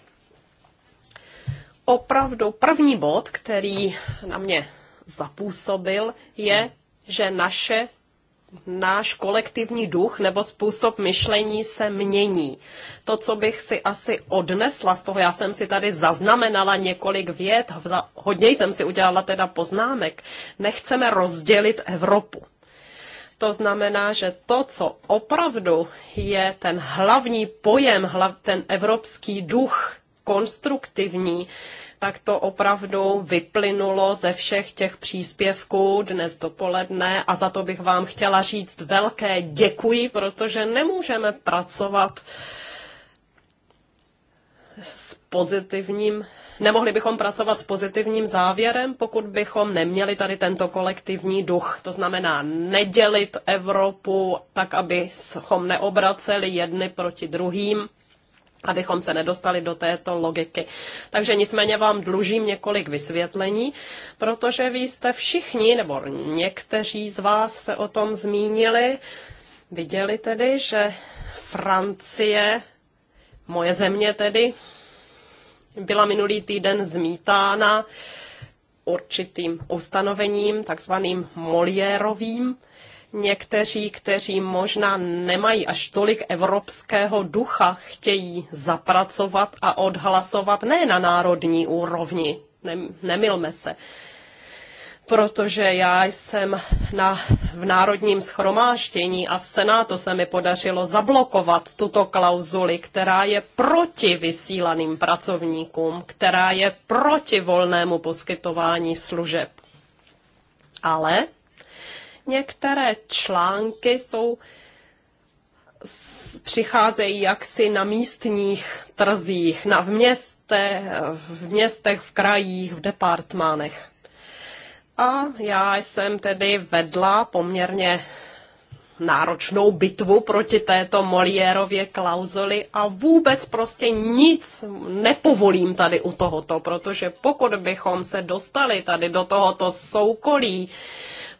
Opravdu první bod, který na mě zapůsobil, je, že naše náš kolektivní duch nebo způsob myšlení se mění. To, co bych si asi odnesla z toho, já jsem si tady zaznamenala několik vět, hodně jsem si udělala teda poznámek, nechceme rozdělit Evropu. To znamená, že to, co opravdu je ten hlavní pojem, ten evropský duch konstruktivní, tak to opravdu vyplynulo ze všech těch příspěvků dnes dopoledne a za to bych vám chtěla říct velké děkuji, protože nemůžeme pracovat s pozitivním, nemohli bychom pracovat s pozitivním závěrem, pokud bychom neměli tady tento kolektivní duch. To znamená nedělit Evropu tak, abychom neobraceli jedny proti druhým, abychom se nedostali do této logiky. Takže nicméně vám dlužím několik vysvětlení, protože vy jste všichni, nebo někteří z vás se o tom zmínili, viděli tedy, že Francie, moje země tedy, byla minulý týden zmítána určitým ustanovením, takzvaným Moliérovým. Někteří, kteří možná nemají až tolik evropského ducha, chtějí zapracovat a odhlasovat ne na národní úrovni, ne, nemilme se, protože já jsem na, v Národním schromáždění a v Senátu se mi podařilo zablokovat tuto klauzuli, která je proti vysílaným pracovníkům, která je proti volnému poskytování služeb. Ale některé články jsou přicházejí jaksi na místních trzích, na v městech, v městech, v krajích, v departmánech. A já jsem tedy vedla poměrně náročnou bitvu proti této Moliérově klauzuli a vůbec prostě nic nepovolím tady u tohoto, protože pokud bychom se dostali tady do tohoto soukolí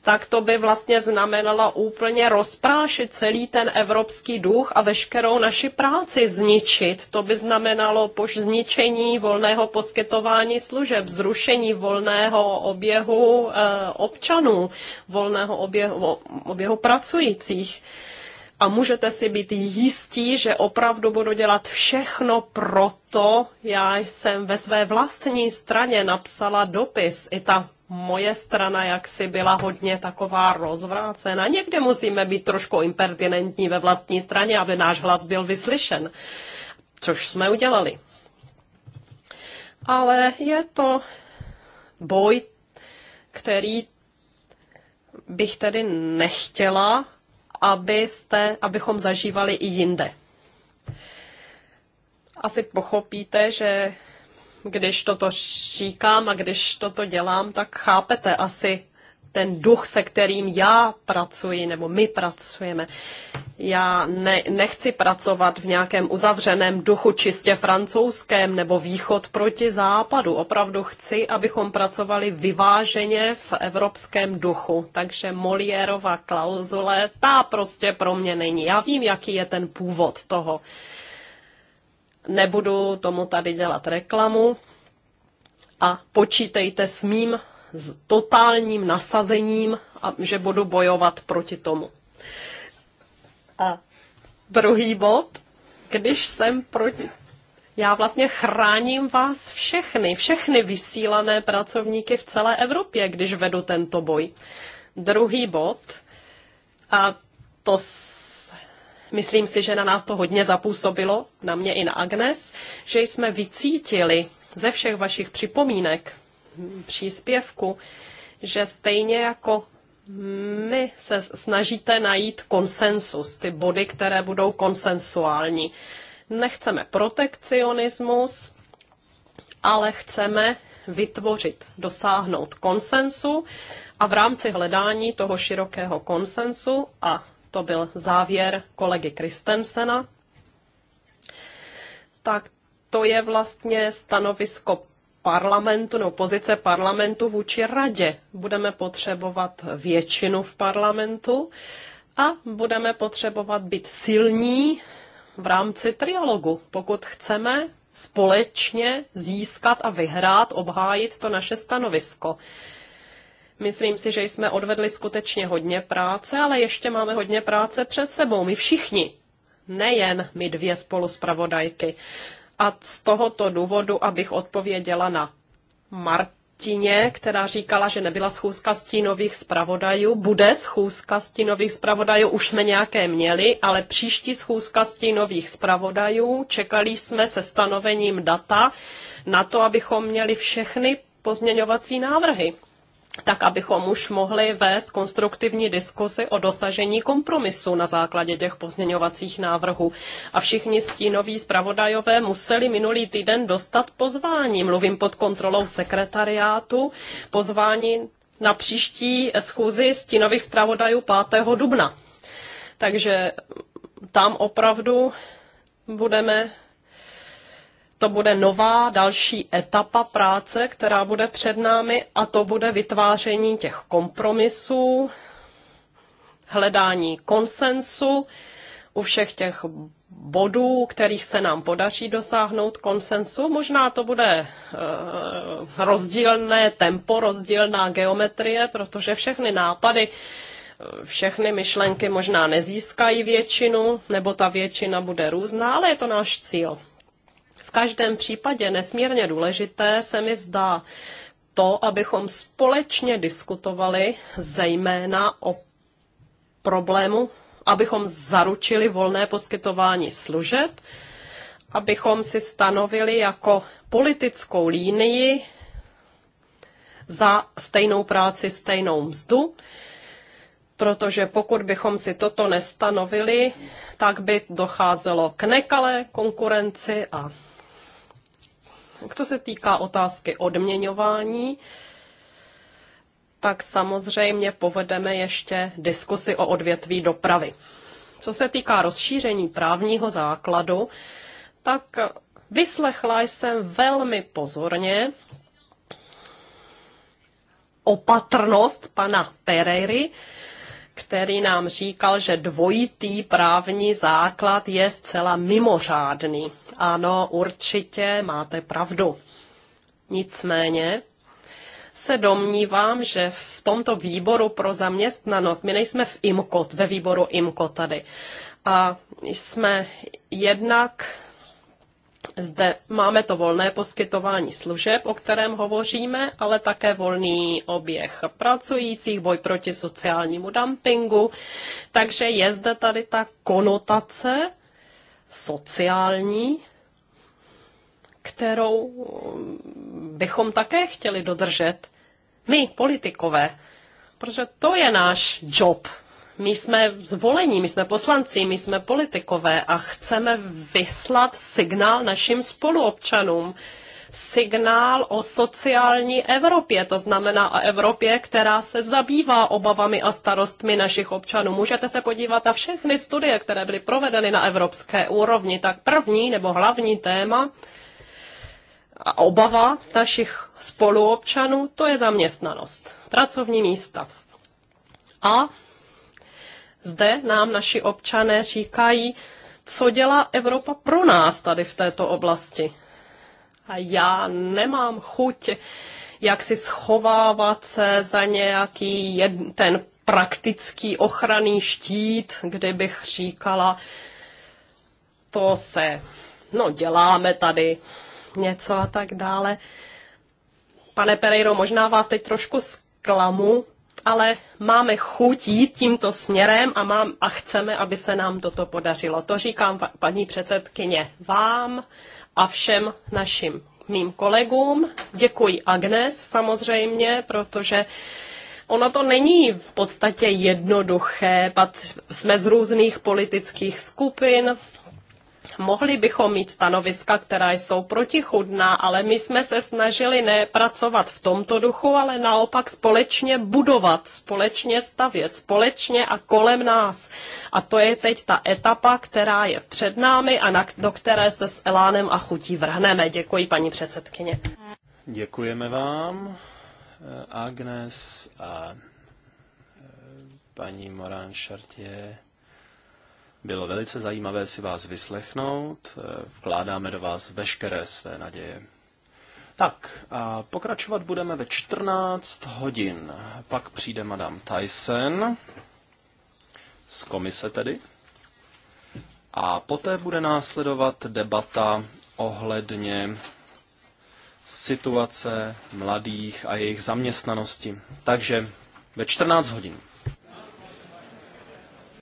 tak to by vlastně znamenalo úplně rozprášit celý ten evropský duch a veškerou naši práci zničit. To by znamenalo poš zničení volného poskytování služeb, zrušení volného oběhu eh, občanů, volného oběhu, oběhu pracujících a můžete si být jistí, že opravdu budu dělat všechno proto. Já jsem ve své vlastní straně napsala dopis. I ta moje strana jaksi byla hodně taková rozvrácena. Někde musíme být trošku impertinentní ve vlastní straně, aby náš hlas byl vyslyšen, což jsme udělali. Ale je to boj, který bych tedy nechtěla, abyste, abychom zažívali i jinde. Asi pochopíte, že když toto říkám a když toto dělám, tak chápete asi ten duch, se kterým já pracuji nebo my pracujeme. Já ne, nechci pracovat v nějakém uzavřeném duchu čistě francouzském nebo východ proti západu. Opravdu chci, abychom pracovali vyváženě v evropském duchu. Takže Moliérova klauzule, ta prostě pro mě není. Já vím, jaký je ten původ toho. Nebudu tomu tady dělat reklamu a počítejte s mým s totálním nasazením, a že budu bojovat proti tomu. A druhý bod, když jsem proti... Já vlastně chráním vás všechny, všechny vysílané pracovníky v celé Evropě, když vedu tento boj. Druhý bod, a to myslím si, že na nás to hodně zapůsobilo, na mě i na Agnes, že jsme vycítili ze všech vašich připomínek, hm, příspěvku, že stejně jako my se snažíte najít konsensus, ty body, které budou konsensuální. Nechceme protekcionismus, ale chceme vytvořit, dosáhnout konsensu a v rámci hledání toho širokého konsensu a to byl závěr kolegy Kristensena, tak to je vlastně stanovisko parlamentu nebo pozice parlamentu vůči radě. Budeme potřebovat většinu v parlamentu a budeme potřebovat být silní v rámci trialogu, pokud chceme společně získat a vyhrát, obhájit to naše stanovisko. Myslím si, že jsme odvedli skutečně hodně práce, ale ještě máme hodně práce před sebou. My všichni, nejen my dvě spoluspravodajky. A z tohoto důvodu, abych odpověděla na Martině, která říkala, že nebyla schůzka stínových zpravodajů. Bude schůzka stínových zpravodajů, už jsme nějaké měli, ale příští schůzka stínových zpravodajů, čekali jsme se stanovením data na to, abychom měli všechny pozměňovací návrhy tak abychom už mohli vést konstruktivní diskusy o dosažení kompromisu na základě těch pozměňovacích návrhů. A všichni stínoví zpravodajové museli minulý týden dostat pozvání. Mluvím pod kontrolou sekretariátu. Pozvání na příští schůzi stínových zpravodajů 5. dubna. Takže tam opravdu budeme to bude nová další etapa práce, která bude před námi a to bude vytváření těch kompromisů, hledání konsensu u všech těch bodů, kterých se nám podaří dosáhnout konsensu. Možná to bude eh, rozdílné tempo, rozdílná geometrie, protože všechny nápady, eh, všechny myšlenky možná nezískají většinu, nebo ta většina bude různá, ale je to náš cíl každém případě nesmírně důležité se mi zdá to, abychom společně diskutovali zejména o problému, abychom zaručili volné poskytování služeb, abychom si stanovili jako politickou línii za stejnou práci, stejnou mzdu, protože pokud bychom si toto nestanovili, tak by docházelo k nekalé konkurenci a co se týká otázky odměňování, tak samozřejmě povedeme ještě diskusy o odvětví dopravy. Co se týká rozšíření právního základu, tak vyslechla jsem velmi pozorně opatrnost pana Pereiry, který nám říkal, že dvojitý právní základ je zcela mimořádný. Ano, určitě máte pravdu. Nicméně se domnívám, že v tomto výboru pro zaměstnanost, my nejsme v Imkot, ve výboru IMKO tady, a jsme jednak zde máme to volné poskytování služeb, o kterém hovoříme, ale také volný oběh pracujících, boj proti sociálnímu dumpingu. Takže je zde tady ta konotace sociální, kterou eh, bychom také chtěli dodržet. My, politikové, protože to je náš job. My jsme zvolení, my jsme poslanci, my jsme politikové a chceme vyslat signál našim spoluobčanům, signál o sociální Evropě, to znamená o Evropě, která se zabývá obavami a starostmi našich občanů. Můžete se podívat na všechny studie, které byly provedeny na evropské úrovni. Tak první nebo hlavní téma a obava našich spoluobčanů, to je zaměstnanost, pracovní místa. A zde nám naši občané říkají, co dělá Evropa pro nás tady v této oblasti. A já nemám chuť jak si schovávat se za nějaký jed, ten praktický ochranný štít, kde bych říkala, to se, no děláme tady, něco a tak dále. Pane Pereiro, možná vás teď trošku zklamu, ale máme chuť jít tímto směrem a, mám, a chceme, aby se nám toto podařilo. To říkám paní předsedkyně vám a všem našim mým kolegům. Děkuji Agnes samozřejmě, protože Ono to není v podstatě jednoduché, pat jsme z různých politických skupin, Mohli bychom mít stanoviska, která jsou protichudná, ale my jsme se snažili nepracovat v tomto duchu, ale naopak společně budovat, společně stavět, společně a kolem nás. A to je teď ta etapa, která je před námi a na, do které se s Elánem a chutí vrhneme. Děkuji, paní předsedkyně. Děkujeme vám, eh, Agnes a eh, paní Morán Šartě. Bylo velice zajímavé si vás vyslechnout. Eh, vkládáme do vás veškeré své naděje. Tak, a pokračovat budeme ve 14 hodin. Pak přijde Madame Tyson, z komise tedy. A poté bude následovat debata ohledně situace mladých a jejich zaměstnanosti. Takže ve 14 hodin.